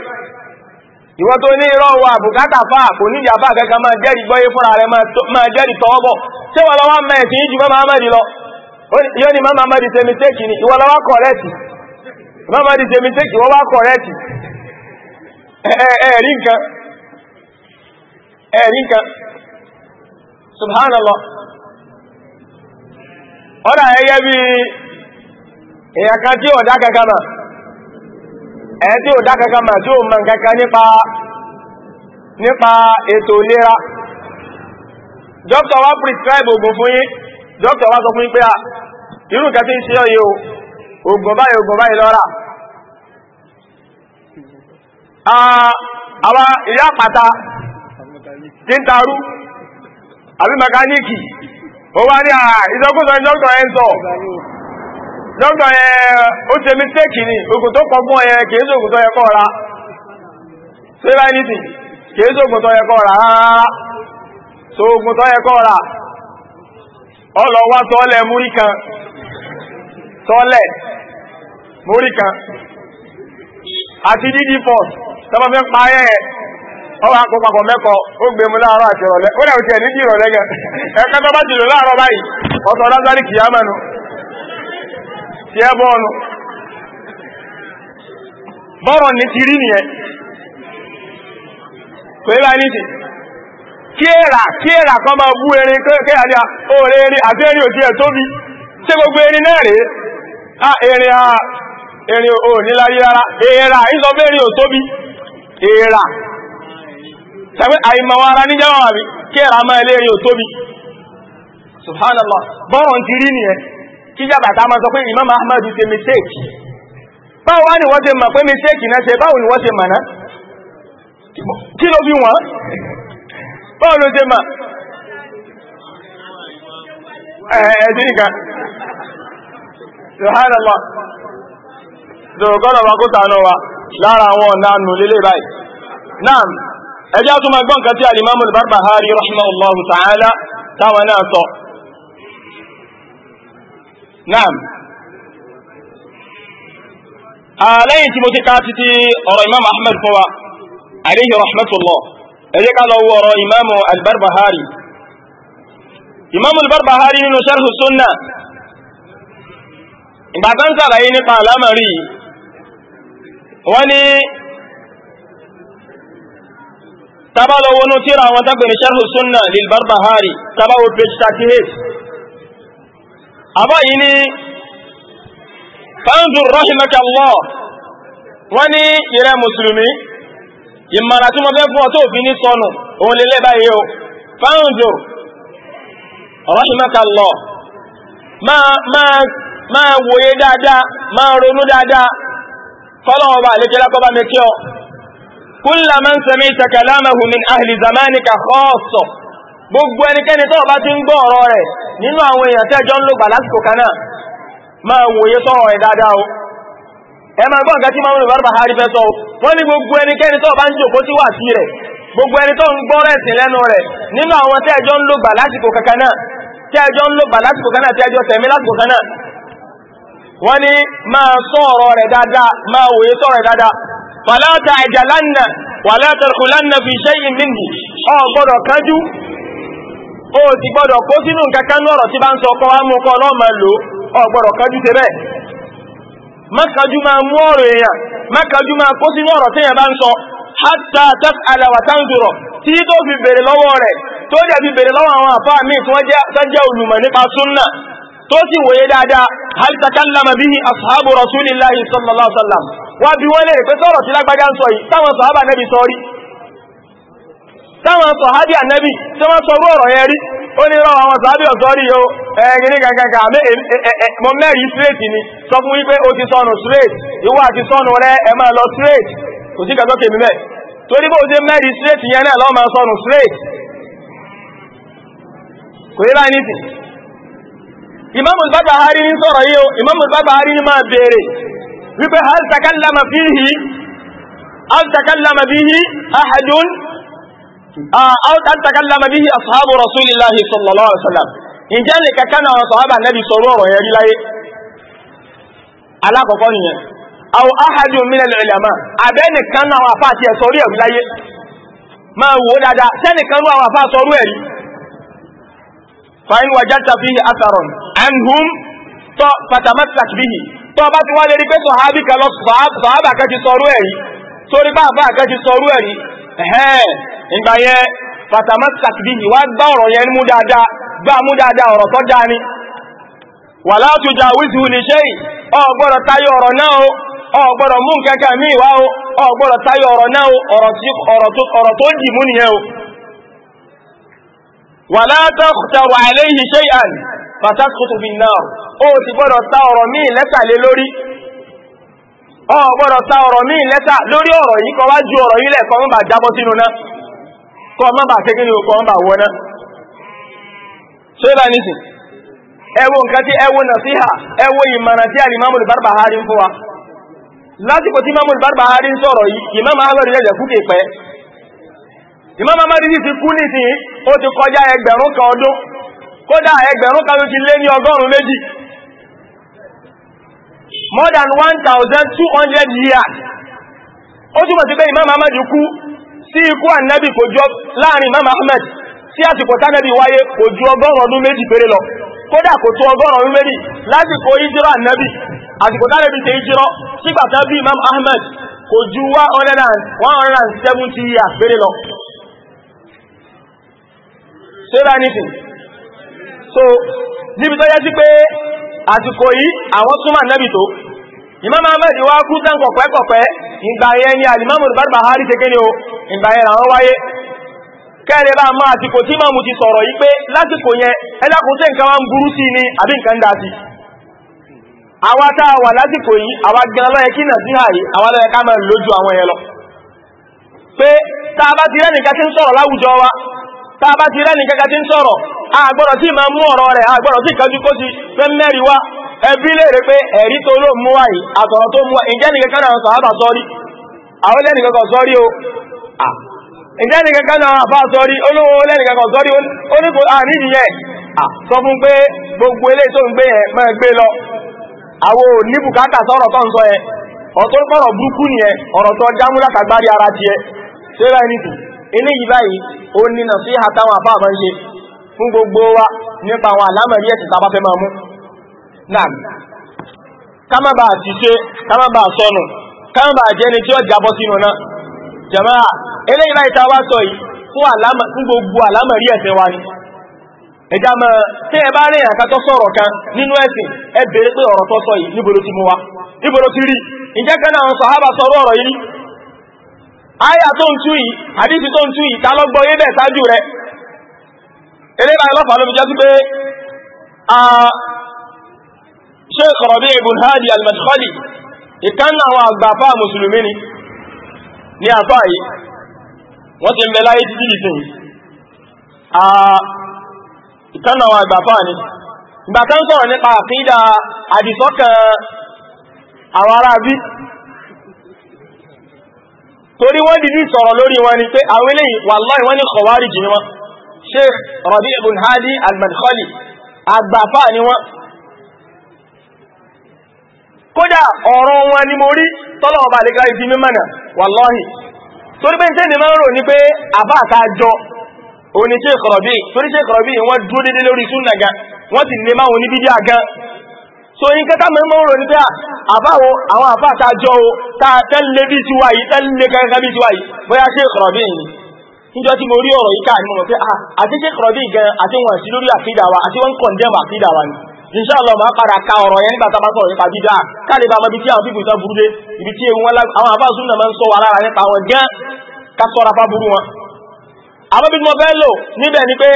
Iwoto tó wa bùkátà fà kò ní ìjà fà kẹ́kẹ́ máa jẹ́rìí gbọ́yé fúnra are máa jẹ́rìí tọwọ́ bọ̀ tí wọn mama ahmed lọ mama ẹ̀rí nǹkan subhanallah ọ̀nà ẹ̀yẹ́ bí èyàn kan tí ó dá kankan mà ẹ̀yẹ́ tí ó dá kankan mà tí ó mọ̀ kankan nípa nípa ètò ìlera dókítà wá prescribe oògùn fún yín dókítà wá sọ fún yín pé à irú nǹkan tí ń tí ń tarú àbí mẹkáníìkì ó wá ní àà ìsọkúsọ dókítà sọ dókítà ẹ̀ ó ṣe mistake ni oògùn tó kọgbọ́n ẹ̀ kìí sí oògùn tó yẹ kó ra so tó yẹ kó ra ọlọ wá tọ́lẹ̀ múrí kan múrí kan àti dídí ọ akọ papọ̀ mẹkọ ogbe mu láàárọ̀ àti ìrọ̀lẹ́ ó lẹ́wọ̀n tiẹ̀ níbi ìrọ̀lẹ́ gan ẹ̀ka tó bá ti lò láàárọ̀ báyìí ọ̀sọ̀ lásán kìí àmànù tiẹ̀ bọ́ọ̀nù bọ́ọ̀rọ̀ ní ti nìyẹn pé báyìí ti máa bú erin òòrè erin àti erin òtí a erin a erin ò rárá èèrà tàbí àìmọ̀ ara ní jẹ́wọ̀n àbí kí ẹ̀rà máa subhanallah bọ́ọ̀n ti rí nìyẹn kí jàbàtà máa sọ pé imam ahmad ṣe mistake ni wọ́n ṣe mọ̀ pé mistake náà ṣe báwo ni wọ́n ṣe mọ̀ náà bi ló fi wọ́n báwo ló ṣe mọ̀ ẹ̀ẹ́dì nìkan subhanallah wa kó tànà wa lára àwọn ọ̀nà nù báyìí ẹjẹ́ tó máa gbọ́n kan tí al-Imam al-Barbahari rahimahullahu ta'ala táwọn náà sọ naam àlẹ́yìn tí mo ti ká títí ọ̀rọ̀ Imam Ahmad fún wa alayhi rahmatullah ẹjẹ́ ká lọ wo ọ̀rọ̀ Imam al-Barbahari Imam al-Barbahari nínú sharh sunnah ìgbà kan sàlàyé nípa àlámàrí wọ́n ni tabalo wonu tírà àwọn ta gbere sharh sunna lil barbahari tabawo page 38 aba yini fanzur rahimaka allah wani ire muslimi imara tí mo fẹ́ fún ọ tó fi ní sọnù òun lè lè báyìí o fanzur rahimaka allah máa máa máa wòye dáadáa máa ronú dáadáa kọ́lọ́wọ́ bá àlékelá kọ́ bá mi kí ọ كل من سمعت كلامه من أهل زمانك خاصة gbogbo ẹnikẹ́ni tó bá ti ń gbọ́ ọ̀rọ̀ rẹ̀ nínú àwọn èèyàn tẹ́jọ ń lò lásìkò kan náà máa wòye sọ́rọ̀ ẹ̀ dáadáa o ẹ máa gbọ́ ǹkan tí máa ń lò bá harí sọ wọ́n ní gbogbo ẹnikẹ́ni tó bá ń jòkó tí gbogbo ẹni ń gbọ́ lẹ́nu rẹ̀ nínú àwọn ń lásìkò náà ń lásìkò kan náà lásìkò kan wàlá ta àjàlánà wàlá tàrkùlánà fi ṣe yìí nínú ọ gbọ́dọ̀ kájú ó ti gbọ́dọ̀ kó sínú kankan lọ́rọ̀ tí bá ń sọ kọ́ wá mú kọ́ lọ́ máa lò ọ gbọ́dọ̀ kájú tẹ́ bẹ́ẹ̀ mọ́kájú máa mú ọ̀rọ̀ èèyàn mọ́kájú máa kó sínú ọ̀rọ̀ tí èèyàn bá ń sọ hátà tẹ́f alàwàtánzùrọ̀ tí tó fi bèèrè lọ́wọ́ rẹ̀ tó jẹ́ fi bèèrè lọ́wọ́ àwọn àfáà míì tí wọ́n jẹ́ olùmọ̀ nípa súnnà tó sì wòye dáadáa hal takallama bihi ashabu rasulillahi sallallahu alaihi wasallam wá bí wọ́n lè pé sọ́rọ̀ tí lágbájá ń sọ yìí táwọn sọ̀hábà nẹ́bí sọ rí táwọn sọ̀hábì ànẹ́bí tí wọ́n sọ rú ọ̀rọ̀ yẹn rí ó ní rọ àwọn ọ̀sọ́ rí o ẹ̀rìn kankanka mọ mẹ́rin straight ni sọ fún wípé o ti sọnù straight ìwọ àti sọnù rẹ ẹ máa lọ straight kò sí kàtọ́ kèmí mẹ́ torí bó ṣe mẹ́rin straight yẹn náà lọ́ọ́ máa sọnù straight kò bàbá harí ní sọ̀rọ̀ yìí o ìmáàmù bàbá harí wípé hal takallama fihi hal takallama bihi ahadun aw hal takallama bihi ashabu rasulillahi sallallahu alaihi wasallam ǹjẹ́ lè kankan náà sọ̀hábà nẹ́bi sọ̀rọ̀ ọ̀rọ̀ tó ọba ti wá lè rí pé sọ̀hábì kan lọ sọ̀hábà kan ti sọrú ẹ̀rí torí bá àbá kan ti sọrú ẹ̀rí ẹ̀hẹ́n ìgbà yẹn fatama sàkìdì yìí wá gbá ọ̀rọ̀ yẹn mú dáadáa gbá mú dáadáa ọ̀rọ̀ tó ni wà látújà wíṣù ní ṣe ọgbọ́dọ̀ tayọ ọ̀rọ̀ náà o ọgbọ́dọ̀ mú kẹ́kẹ́ mí wá o ọgbọ́dọ̀ tayọ ọ̀rọ̀ náà ọ̀rọ̀ tó jì mú nìyẹn o wà látọ̀ O ti gbọdọ ta ọrọ miin lẹ́tà le lórí ọ gbọdọ sa ọrọ míì lẹ́tà lórí yìí kọ wá ju ọrọ yìí lẹ̀ kọ́ mọ́ bà jábọ́ sínú náà kọ́ mọ́ bà kékeré kọ́ mọ́ bà wọ náà ṣé bá ní ẹwọ nǹkan tí ẹwọ sí hà ẹwọ ìmọ̀ràn tí fún wa lásìkò tí sọ̀rọ̀ yìí ti kú ti kọjá ẹgbẹ̀rún kan ọdún more than 1,200 years ó túnmọ̀ sí pé imam ahmed kú sí ikú annabi kò jọ láàrin imam ahmed sí àsìkò tánàbí wáyé kò ju ọgọ́rùn ọdún méjì péré lọ kódà kò tó ọgọ́rùn ọdún méjì lásìkò ìjírọ̀ annabi àsìkò tánàbí ṣe ìjírọ̀ sígbàtà bí imam ahmed kò ju seventy years péré lọ ṣe bá anything so níbi tó yẹ sí pé àsìkò yìí àwọn súnmọ́ ànábì tó Imam Ahmad wá kú tán kọ̀pẹ́kọ̀pẹ́ ìgbà yẹn ni al-Imam al-Barbahari ṣe kéde o ìgbà yẹn làwọn wáyé kẹ́rẹ̀ bá máa àsìkò tí mọ́mù ti sọ̀rọ̀ yìí pé lásìkò yẹn ẹlákùn tí nǹkan wá ń burú sí ni àbí nǹkan dá sí àwa tá a wà lásìkò yìí àwa gan lọ́yẹ kí náà sí àyè àwa lọ́yẹ ká máa lójú àwọn yẹn lọ pé tá a bá ti rẹ́nìkan tí ń sọ̀rọ̀ láwùjọ wa tá a bá ti rẹ́ni kẹ́kẹ́ tí ń sọ̀rọ̀ àgbọ̀rọ̀ tí máa mú ọ̀rọ̀ rẹ̀ àgbọ̀rọ̀ tí ìkanjú kó sí fẹ́ mẹ́rin wá ẹbí léèrè pé ẹ̀rí tó ló mú wáyìí àtọ̀rọ̀ tó mú wáyìí ǹjẹ́ ní kẹ́kẹ́ náà sọ̀rọ̀ sọ́rí àwọn sọ́rí o ǹjẹ́ ní kẹ́kẹ́ náà sọ́rí olówó sọ fún pé gbogbo tó ń gbé lọ eléyìí báyìí ó ní nasiha táwọn àbá àmọ́ ń ṣe fún gbogbo wa nípa àwọn àlámọ̀rí ẹ̀sìn tàbá fẹ́ máa mú náà kámàbà àti ṣe kámàbà sọnù kámàbà jẹni tí ó jábọ́ sínú náà jàmáà eléyìí báyìí tá a wá sọ yìí fún gbogbo àlámọ̀rí ẹ̀sìn wa ni kan ti wa ti àyà tó ń tú yìí àdísì tó ń tú yìí ta ló gbọ́ yébẹ̀ ṣáájú rẹ̀ eléyìí láyé lọ́fà ló fi jẹ́ sí pé Sheikh Rabi' ibn Hadi al-Madkhali ìkànnà àwọn àgbàfà mùsùlùmí ni ní àfà yìí wọ́n ti ń bẹ láyé títí nìsìn ìkànnà àwọn àgbàfà ni ìgbà kan sọ̀rọ̀ nípa àkídà àdìsọ́kàn àwọn aráabí torí wọ́n dìdí sọ̀rọ̀ lórí wọn ni pé àwọn eléyìí wàláì wọ́n ní kọ̀wárì jì ni wọ́n Sheikh Rabi ibn Hadi al-Madkhali àgbàfà ni wọ́n kódà ọ̀rọ̀ wọn ni mo rí tọ́lọ̀ọ̀bà lè gáyìí sí mímọ̀nà wàláì torí pé ń tẹ́ni máa ń rò ní pé àbá àtàjọ òní Sheikh Rabi torí Sheikh Rabi wọ́n dúró dédé lórí súnnà gan wọ́n sì ní máa wọn ní bídíà gan so yín kẹta mẹ́mọ́ rò ní pé àbáwo àwọn àbá ta jọ o ta tẹ́lẹ̀ bí ti wáyìí tẹ́lẹ̀ kẹ́kẹ́ bí ti wáyìí bóyá ṣe kọ̀rọ̀bí yìí níjọ́ tí mo rí ọ̀rọ̀ yìí káà ní mọ̀ pé àti ṣe kọ̀rọ̀bí gan àti wọn sí lórí àkídà wa àti wọn kọ̀ndẹ́m àkídà wa ni inshallah máa padà ka ọ̀rọ̀ yẹn nígbà tá a bá sọ̀rọ̀ nípa bídà káàlì bá ọmọbi tí àwọn fífi ìtàn burú dé ibi tí ewu wọn lá àwọn àbá súnà máa ń sọ wà lára nípa àwọn gán ká sọra fá burú wọn. àwọn bí mo fẹ́ lò níbẹ̀ ni pé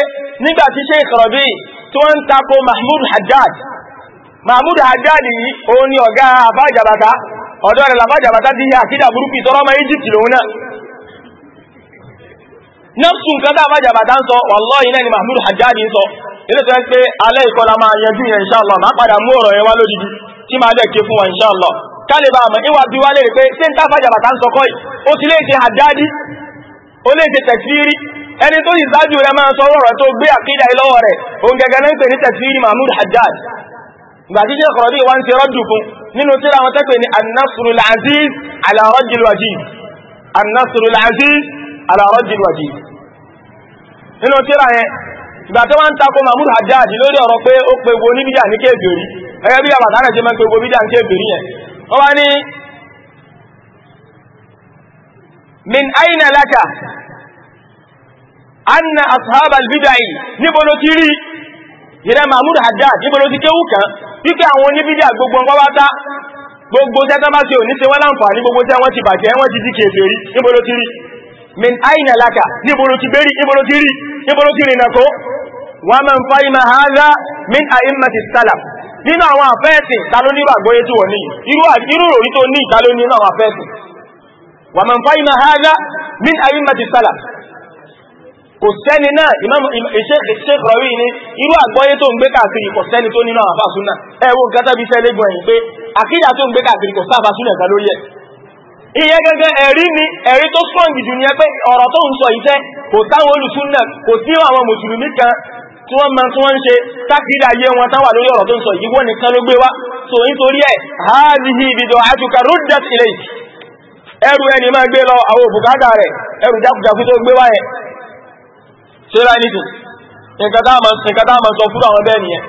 nígbà tí Sheikh Rabi tí wọ́n ń tako Mahmoud Haddad mahmud hajjali yìí òun ni ọ̀gá àfájàbàtà ọ̀dọ́ rẹ̀ làfájàbàtà ti yà àkídà burúkú ìtọ́rọmọ egypt lòun náà nọ́pùsù nǹkan tá àfájàbàtà ń sọ wallahi náà ni mahmud hajjali ń sọ ilé tó ń pé alẹ́ ìkọlá máa yanjú yẹn inshallah máa padà mú ọ̀rọ̀ yẹn wá lódìdí tí máa dẹ̀ ké fún wa inshallah kálíbà àmọ́ ìwà bí wá lè rí pé ṣé ń tá àfájàbàtà ń sọ kọ́ yìí ó ti lè ṣe hajjali ó lè ṣe tẹ̀sírí ẹni tó sì ṣáájú rẹ̀ máa sọ ọ̀rọ̀ tó gbé àkídà ìlọ́wọ́ rẹ̀ òun gẹ́gẹ́ náà pè ní tẹ̀sírí mahmud hajjali gbàtí jẹ́ kọ̀rọ̀dí wá ń ti rọ́jù fún nínú tíra wọn tẹ́kọ̀ẹ́ ni annasrul aziz ala rajul wajiz annasrul aziz ala rajul wajiz nínú tíra yẹn gbàtí wọ́n ń takò mahmud hajjaj lórí ọ̀rọ̀ pé ó pe wo ní bíjà ní kéèbìrí ẹgbẹ́ bí àbàtà rẹ̀ ṣe máa pe wo bíjà ní kéèbìrí yẹn wọ́n wá ní min aina laka anna ashab al níbo ló ti rí yẹn mahmud hajjaj níbo ló ti kéwù kan wípé àwọn oníbídíà gbogbo ọmọ bá dá gbogbo tẹ́tọ́ bá ṣe òní ṣe wọ́n gbogbo tẹ́ wọ́n ti bàjẹ́ wọ́n ti min aina laka níbolo ti bẹ́rí níbolo ti rí níbolo ti rìnà kó min a'immati salaf nínú àwọn àfẹ́ẹ̀sìn ta ló àgbóyé tí wọ́n ní irú òrí tó ní nínú àwọn kò sẹ́ni náà imam sheikh rawi ni irú àgbọ́yé tó ń gbé káàkiri kò sẹ́ni tó nínú àwọn àfáàsúnà ẹwọ gátà bí sẹ́lẹ́gbọ̀n ẹ̀yìn pé àkídà tó ń gbé káàkiri kò sáàfáàsúnà ẹ̀ka lórí ẹ̀ iye gẹ́gẹ́ ẹ̀rí ni ẹ̀rí tó strong jù ní ẹgbẹ́ ọ̀rọ̀ tó ń sọ iṣẹ́ kò táwọn olùsúnà kò sí àwọn mùsùlùmí kan tí wọ́n máa tí wọ́n ń ṣe tákìdá ayé wọn tán lórí ọ̀rọ̀ tó ń sọ yìí wọ́n nìkan ló gbé wá so nítorí ẹ̀ hazihi ibidọ̀ àtúkà rúdẹ̀t ilẹ̀ ẹrù ẹni máa gbé lọ àwọn òbùkádà rẹ̀ ẹrù jákujàku tó gbé wá yẹn ṣẹlá nìsín nǹkan tá a máa sọ fún àwọn bẹ́ẹ̀ nìyẹn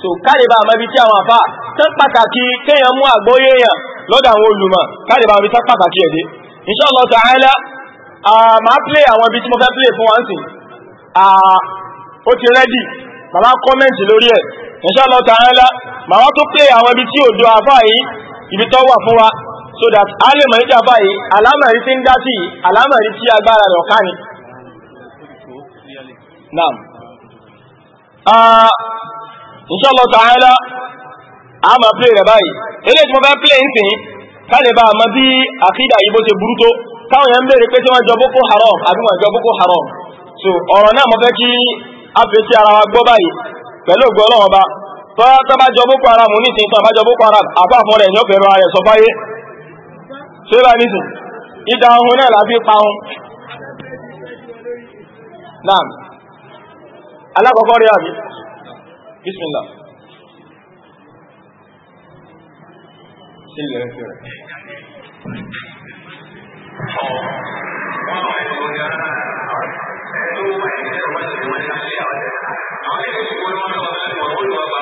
so kálíbà àmọ́ ibi tí àwọn àfa tán pàtàkì kéèyàn mú àgbóyé èèyàn lọ́dọ̀ àwọn olùmọ̀ kálíbà àmọ́ ibi tán pàtàkì ẹ̀ dé inshallah ta'ala máa play àwọn ibi tí mo fẹ́ play fún wa ń sìn ó ti rẹ́dì màmá kọ́mẹ́ǹtì lórí ẹ̀ inshallah ta'ala màmá tó play àwọn ibi tí òdo àfa yìí ibi tó wà fún wa so that a lè mọ̀ nípa àfa yìí alámọ̀rí tí ń dá sí yìí alámọ̀rí tí agbára rẹ̀ ọ̀ká ni. naam ah, inshallah ta'ala a máa play rẹ̀ báyìí eléyìí mo fẹ́ play nsìn kálíbà àmọ́ bí àkídà yìí bó ṣe burú tó táwọn yẹn ń béèrè pé wọ́n jọ boko haram àbí wọ́n jọ boko haram so ọ̀rọ̀ náà mo fẹ́ kí a fi ara wa gbọ́ báyìí pẹ̀lú ògbọ́ ọlọ́run ọba tọ́lá tọ́ba jọ boko haram nísìnyí tọ́ba jọ boko haram àbá àfọ́ rẹ̀ yọ̀ọ́ fẹ́ràn rẹ̀ sọ fáyé ṣé bá ìdá ohun náà alákọ̀ọ́kọ́ rí àbí bísmìlá sílẹ̀ fẹ́rẹ̀ Thank you.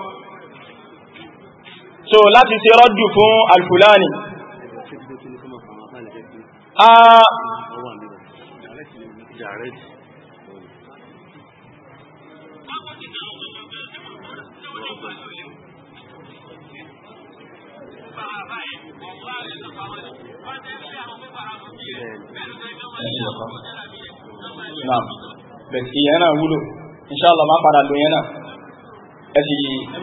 so láti ṣe rọ́dù fún alfulani Naam. Bẹ̀sí yẹn náà wúlò. Inṣáàlá máa padà lò yẹn náà. Ẹ̀sì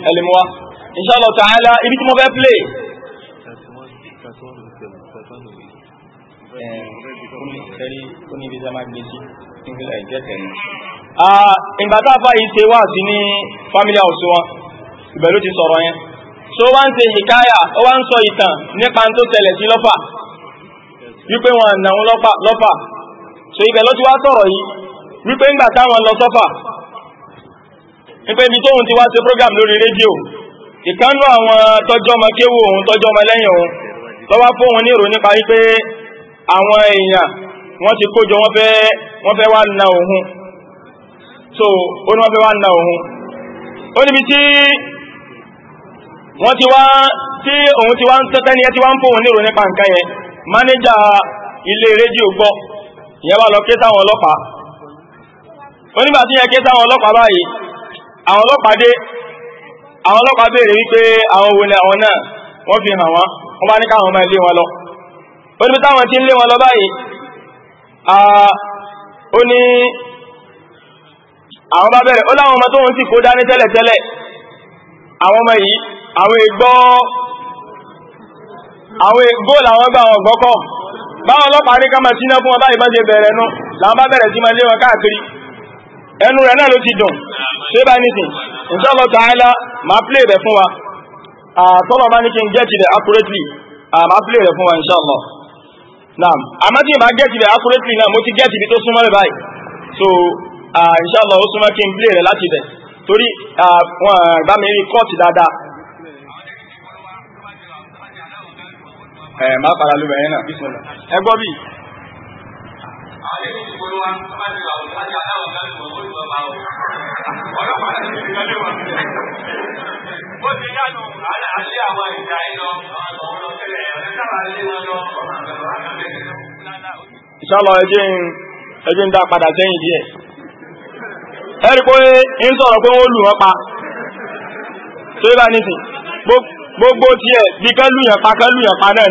ẹlẹ́mọ́wá inshallah ta'ala ibi tí mo fẹ́ play. Ah, ìgbà tá a fa yìí ṣe wá sí ní family house wọn ìbẹ̀lú ti sọ̀rọ̀ yẹn so wá ń ṣe hikaya ó wá ń sọ ìtàn nípa tó ṣẹlẹ̀ sí lọ́fà wípé wọn àna òun lọ́fà lọ́fà so ibẹ̀ ló ti wá sọ̀rọ̀ yìí wípé ńgbà táwọn lọ sọ́fà wípé ibi tóun ti wá ṣe program lórí rédíò ìkánú àwọn tọ́jọ́ ọmọ kéwò òun tọ́jọ́ ọmọ lẹ́yìn òun lọ́wọ́ fún òun ní ìrò nípa wípé àwọn èèyàn wọ́n ti kójọ wọ́n fẹ́ wá na òun so ó ní wọ́n fẹ́ wá na òun ó níbi tí wọ́n ti wá tí òun ti wá ń tẹ́tẹ́ ní ẹ ti wá ń fún òun ní ìrò nípa nǹkan yẹn mánéjà ilé rédíò gbọ́ ìyẹn wá lọ ké sáwọn ọlọ́pàá onígbà tí yẹn ké sáwọn ọlọ́pàá báyìí àwọn ọlọ́pàá dé àwọn ọlọ́pàá béèrè wípé àwọn wo ni àwọn náà wọ́n fi hàn wọ́n wọ́n bá ní káwọn máa lé wọn lọ ó ní táwọn tí ń lé wọn lọ báyìí ó ní àwọn bá bẹ̀rẹ̀ ó láwọn ọmọ tó ń sì kó dání tẹ́lẹ̀tẹ́lẹ̀ àwọn ọmọ yìí àwọn ìgbọ́ àwọn ìgbó làwọn gbà wọn gbọ́kọ̀ ẹnu rẹ̀ náà ló ti dùn ṣé bá ní sìn inshallah ta'ala máa play rẹ̀ fún wa àtọ́lọ̀ bá ní kí n get it accurately máa play rẹ̀ fún wa inshallah naam àmọ́ tí màá get it accurately náà mo ti get it tó súnmọ́ rẹ̀ báyìí so inshallah ó súnmọ́ kí n play rẹ̀ láti bẹ̀ torí wọn bá mi rí court dáadáa ẹ̀ máa fara lóbẹ̀ yẹn náà ẹgbọ́ bíi ပါတယ်ဘုရားကဘာကြောင့်ဘာကြောင့်တော့ဘာလို့ဘုရားပါအောင်ဘာလို့ပါလဲဒီကနေ့ပါဘုရားကတော့အားအားရဝိုင်းတိုင်းတော့ဘာလို့လဲအဲ့ဒါလည်းတော့ဘာလို့လဲဆရာတော်အချင်းအချင်းတာပါတာသိရင်ပြည့်အဲ့ဒီကိုအင်းစော်ကိုလူဟောပါသိပါနေစီဘုဘုဘုတ်ရဲ့ဒီကလူရပါကလူရပါတဲ့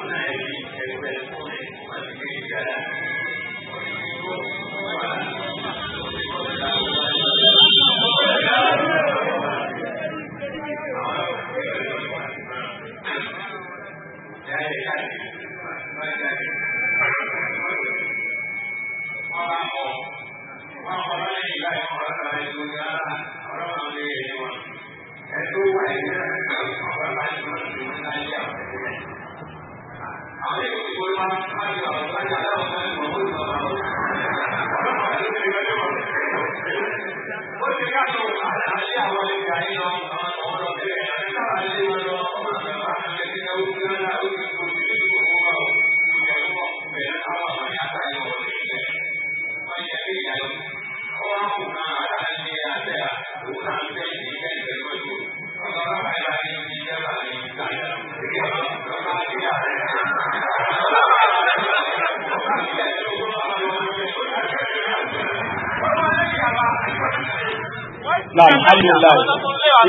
náà alhamdulillah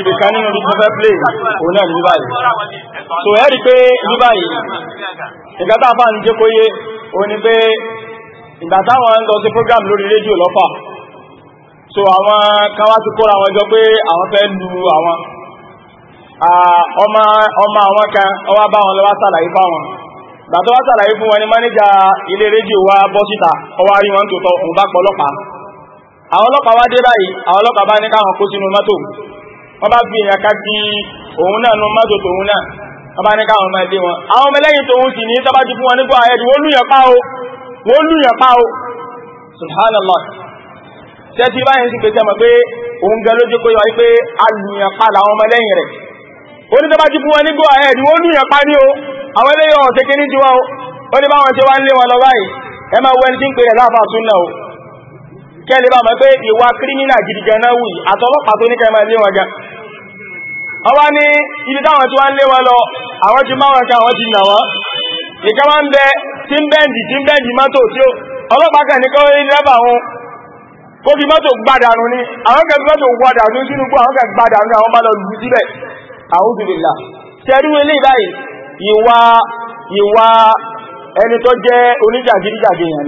ibi kan nínú ibi fẹ́ play òun náà ní báyìí so ẹ rí pé ní báyìí ìgbà tá a bá ń jẹ́ kó yé pé ìgbà táwọn ń lọ program lórí rédíò lọ́fà so àwọn kan wá ti kóra wọn jọ pé àwọn fẹ́ lu àwọn ọmọ àwọn kan ọwá bá wọn lọ wá sàlàyé fáwọn gbàtọ́ wá sàlàyé fún wọn ni mánéjà ilé rédíò wá bọ́ síta ọwá rí wọn tó tọ òun bá pọ̀ ọlọ́pàá àwọn ọlọ́pàá wá dé báyìí àwọn ọlọ́pàá bá ní káwọn kó sínú mọ́tò wọ́n bá fi ìyànká kí òun náà nu mọ́tò tòun náà wọ́n bá ní káwọn máa dé wọn àwọn ọmọ lẹ́yìn tòun sì ní tọ́bá ti fún wọn nígbà ayẹ́dì wọ́n lùyàn pa o wọ́n lùyàn pa o subhanallah tẹ́ ti báyìí sì pèsè mọ̀ pé òun gan lójú kó yọ pé alùyàn pa làwọn ọmọ lẹ́yìn rẹ̀ ó ní ti fún wọn nígbà ayẹ́dì wọ́n lùyàn pa ní o kẹ́lẹ̀ bá mọ̀ pé ìwà kírímínà gidi gan-an wù yìí àtọlọ́pàá tó ní kẹ́ máa lé wọn gan ọwá ní ibi táwọn tí wá ń lé wọn lọ àwọn ti máa wọn ká àwọn ti nà wọ́n ìkẹ́ wá bẹ tí ń bẹ́ǹdì tí ń bẹ́ǹdì mọ́tò tí ó ọlọ́pàá kẹ́ ní kọ́ ní lẹ́bà wọn kó fi lọ lù síbẹ̀ àwọn ilé báyìí ìwà ìwà ẹni tó jẹ́ oníjàgídíjàgé yẹn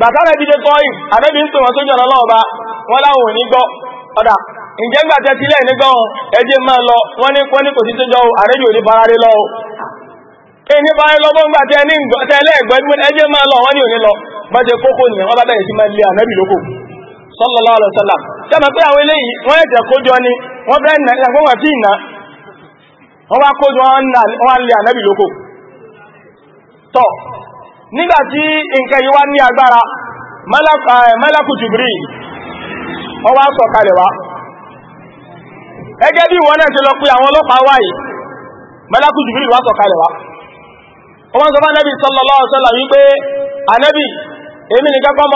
gbàtàrà ìdíje tọ́yì àbẹ́bí ń tòwọ́n sójú ọ̀nà ọlọ́ọ̀ba wọn láwọn ò ní gbọ́ ọ̀dà ǹjẹ́ gbà tẹ́ tilẹ̀ nígbà ọ̀hún ẹjẹ́ máa lọ wọ́n ní wọ́n ní kò sí sójú ọ̀hún àrẹ́jì òní farare lọ o èyí farare lọ bọ́ ń gbà tẹ́lẹ̀ ẹgbẹ́ ẹjẹ́ máa lọ wọ́n ní òní lọ bọ́jẹ kókó nìyẹn wọ́n bá bẹ̀rẹ̀ sí máa lé ànábì lóko sallallahu alaihi wasallam sẹ́mọ̀ pé àwọn eléyìí wọ́n ẹ̀jẹ̀ kójọ ni wọ́n bẹ́ẹ̀ nà ẹ̀fọ́ wọn tí nígbàtí nǹkan yìí ní agbára mẹ́lẹ́kù eh, Jibril ó sọ̀kalẹ̀ wá ẹgẹ́ bí wọ́n náà ti lọ pé àwọn ọlọ́pàá wáyé mẹ́lẹ́kù Jibril wá sọ̀kalẹ̀ wá ó wọ́n sọ fún anẹ́bì sallallahu alaihi wasallam wípé anẹ́bì èmi nìkan kọ́ ń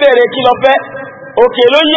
bèèrè kí lọ fẹ́ òkè ló yí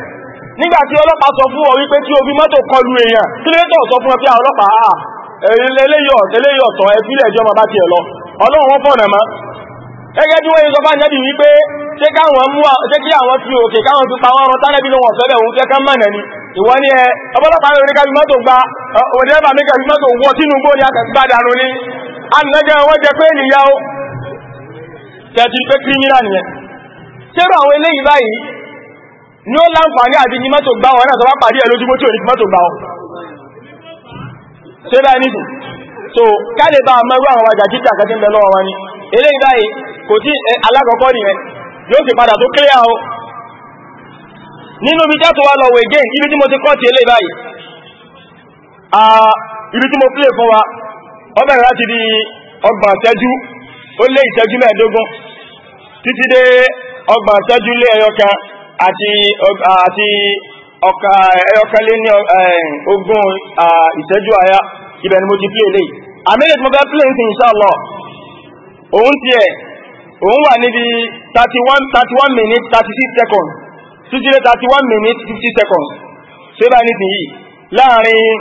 nígbàtí ọlọ́pàá sọ fún ọ wípé tí o fi mọ́tò kọlu èèyàn kí ló tọ̀ sọ fún ọ pé ah, ọlọ́pàá eléyọ̀tọ̀ ah, ẹ̀fílẹ̀ ẹjọ́ ma bá ti ẹ̀ lọ ọlọ́run wọ́n fọ̀nà mọ́ gẹ́gẹ́ bí wọ́n yí sọ bá nẹ́bì wípé ṣé kí àwọn fi òkè káwọn fi pàwọn ọ̀rọ̀ tánẹ́bì ló wọ̀n fẹ́lẹ̀ òun kẹ́kẹ́ mọ̀nà ni ìwọ́n ni ẹ ọbọ́lọ́pàá lórí kàbí mọ́tò gba òdẹ́bà mi kàbí mọ́tò wọ́ Tinubu ni àtẹ̀gbádànù ni alẹ́gẹ́ wọ́n jẹ pé ènìyàn ó tẹ̀tì pé kírímìnà nìyẹn ṣẹ́rọ àwọn eléyìí báyìí ní ó láǹfààní àti ní mọ́tò gbá wọn náà tó bá pàdé ẹ̀ lójúmọ́ tí ò mọ́tò gbá wọn ṣe bá ní sùn so káàlè bá mẹ́rú àwọn ọjà jíjà kẹsí ń bẹ lọ́wọ́ wọn ni eléyìí báyìí kò tí alákọ̀ọ́kọ́ nìyẹn yóò sì padà tó kílẹ̀ o nínú ibi jẹ́tò wa lọ́wọ́ again di ọgbọ̀n ìṣẹ́jú ó lé ìṣẹ́jú mẹ́ẹ̀ẹ́dógún títí dé ọgbọ̀n àti àti ọ̀ka ẹyọkẹ́lé ní ogún ìṣẹ́jú àyá ibẹ̀ ni mo ti play lè àmìlẹ̀ tí mo fẹ́ play ní inshallah òun ti ẹ̀ òun wà níbi 31 minutes 36 seconds títí lé 31 minutes 50 seconds ṣe bá ní tìyí láàrin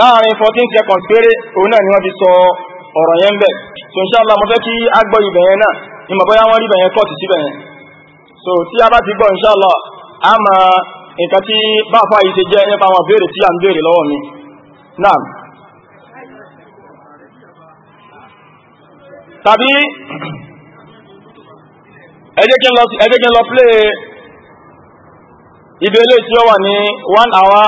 láàrin 14 seconds péré òun náà ni wọ́n fi sọ ọ̀rọ̀ yẹn bẹ̀ so inshallah mo fẹ́ kí agbọ́ ibẹ̀ yẹn náà ní mọ̀ bóyá wọ́n rí bẹ̀yẹn kọ́ọ̀tù síbẹ̀ yẹn so tí a bá ti gbọ́ inshallah a mọ nǹkan tí báfà yìí ti jẹ́ nípa àwọn béèrè tí a ń béèrè lọ́wọ́ mi náà tàbí ẹ lọ play ibi ilé tí ó wà ní 1 hour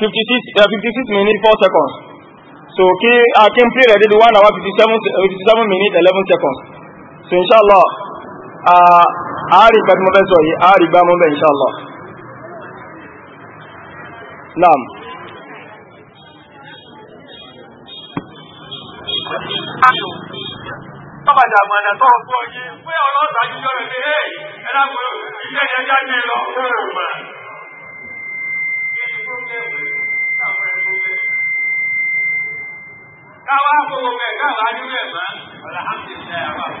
56, uh, eh, minutes 4 seconds so kí a kí n play rẹ̀ dédé 1 hour 57, 57 minutes 11 seconds so inshallah ààrí ah, ìgbà tí mo fẹ́ sọ yìí ààrí ìgbà mọ́ bẹ́ inshallah naam Tọ́bàdà àmàdà tọ́rọ fún ọyí pé ọlọ́ta jíjọ́ rẹ̀ ní ẹ̀ ẹ̀dàgbò ilé ẹjá ní lọ àwọn àwọn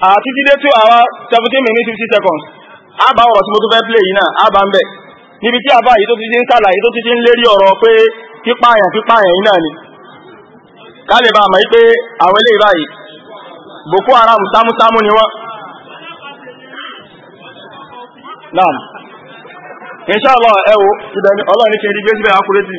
àtítí dé two hour seventeen minutes fifty seconds a bá ọ̀rọ̀ tí mo tún fẹ́ play yìí náà a bá ń bẹ̀ níbi tí àbá yìí tó ti ṣe ń kàlàyé tó ti ṣe ń lérí ọ̀rọ̀ pé pípààyàn pípààyàn yìí náà ni ká bá a mọ̀ yí pé àwọn eléyìí báyìí Boko Haram sámúsámú ni wọ́n. naam inshallah ẹ wo ọlọ́run ní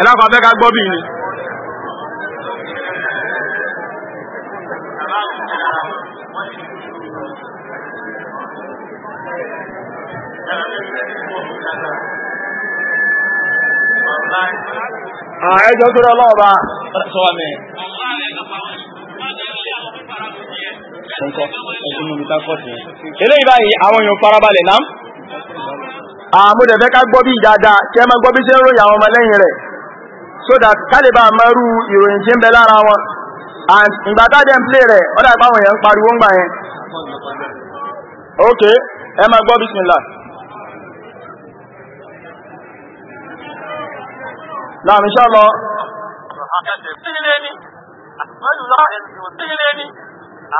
ẹlẹ́kọ̀ọ́ abẹ́ká gbọ́ bí ni. ẹjọ́ tó rọ́lọ́ ọba sọ́wọ́ mi. eléyìí báyìí àwọn èèyàn farabalẹ̀ náà. A ah, fẹ́ ká gbọ́ bí dáadáa kí ẹ máa gbọ́ bí ṣe ń ròyìn àwọn ọmọlẹ́yìn rẹ̀ so that kálíbà mẹ́rú ìròyìn tí ń bẹ lára wọn and ìgbà tá ń plé rẹ̀ ọ̀dà pariwo ń ok ẹ máa gbọ́ bismillah náà mi lọ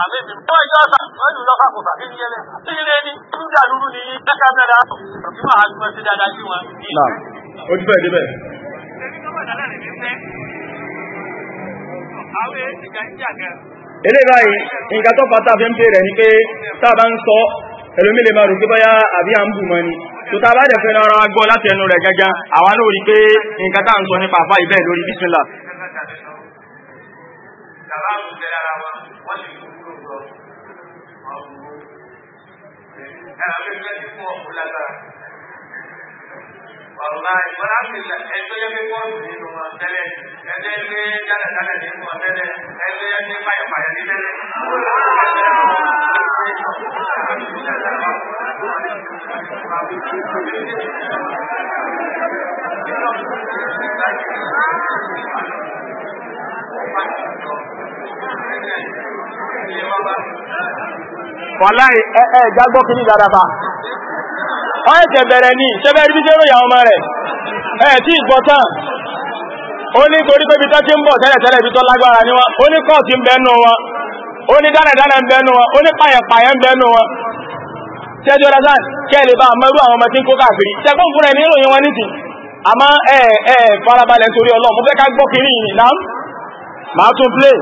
àmì mi. Ṣé ìjọ ọ̀sà wọ́n yìí lọ́fà kò sàkí ní ẹlẹ́? Kí ilé ní Júdà lúrú ni yín kẹ́kẹ́ mẹ́ra? Ìwà àgbẹ̀ ti dáadáa sí wọn. Nà ó ti bẹ́ẹ̀ débẹ̀. Eré báyìí, nǹkan tó fata fi ń bèèrè ni pé tá a bá ń sọ ẹlòmí lè máa rò pé báyá àbí à ń bù mọ́ ni. Tó a bá dẹ̀ fẹ́ lọ́ra gbọ́ láti ẹnu rẹ̀ gẹ́gẹ́, àwa náà rí pé nǹkan tá à ń sọ nípa àfá ìbẹ́ lórí bísílà. Tàbá àwọn ẹgbẹ́ ti fún ọ̀pọ̀ lágbára. ọ̀la ìgbọ́lá ti lẹ̀ ẹgbẹ́ yẹn fi pọ́ọ̀sì nínú wọn tẹ́lẹ̀ ẹgbẹ́ yẹn fi dáradára nínú wọn tẹ́lẹ̀ ẹgbẹ́ yẹn fi payàpayà ní tẹ́lẹ̀. Thank you. wàláì ẹ jágbọ́ kí ní dáadáa wọ́n ẹ̀kẹ̀ bẹ̀rẹ̀ ní ṣẹ́bẹ̀ rí bíṣẹ́ ròyìn àwọn ọmọ rẹ̀ ẹ̀ tí ìgbọ́ tán ó ní torí pé bitọ́ ti ń bọ̀ tẹ́lẹ̀tẹ́lẹ̀ bitọ́ lágbára ní wọn ó ní kọ́ọ̀tì ń wọn ó ní dánadánà ń bẹnu wọn ó ní pàyẹ̀pàyẹ̀ ń bẹnu wọn tẹ́jọ́ bá àwọn ọmọ tí ń kó káàkiri fúnra ní ìròyìn wọn nìtì àmọ́ farabalẹ̀ kiri máa tún play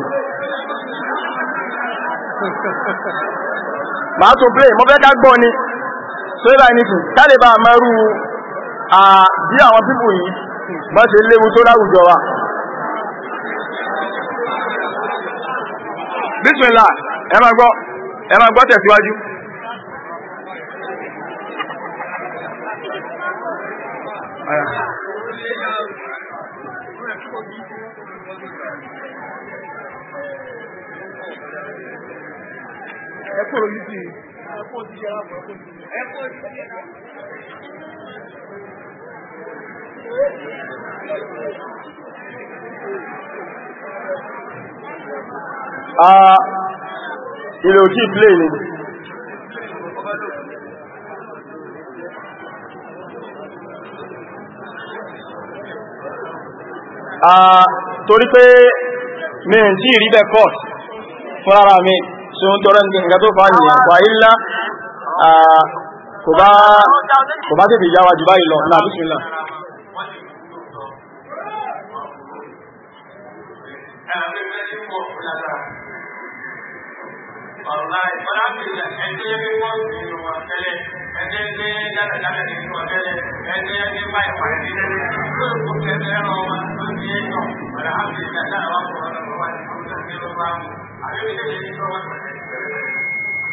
màá tó play mo fẹ́ ká gbọ́ ni tó yẹ báyìí nìkan káde bá bí àwọn pípò yìí bá ṣe léwu tó láwùjọ wa. bísmìlá ẹ máa gbọ́ ẹ máa gbọ́ tẹ̀síwájú. Thank you ẹ kúrò yìí sí. Ah, ilé òtí plé ni. Ah, torí pé mi ò tí ì rí bẹ́ẹ̀ court fún ara mi tó ń tọrọ nǹkan tó fà nìyẹn wà ilá kò bá tètè yáwa jù báyìí lọ náà bísmìlá. Wàláì, bọ́lá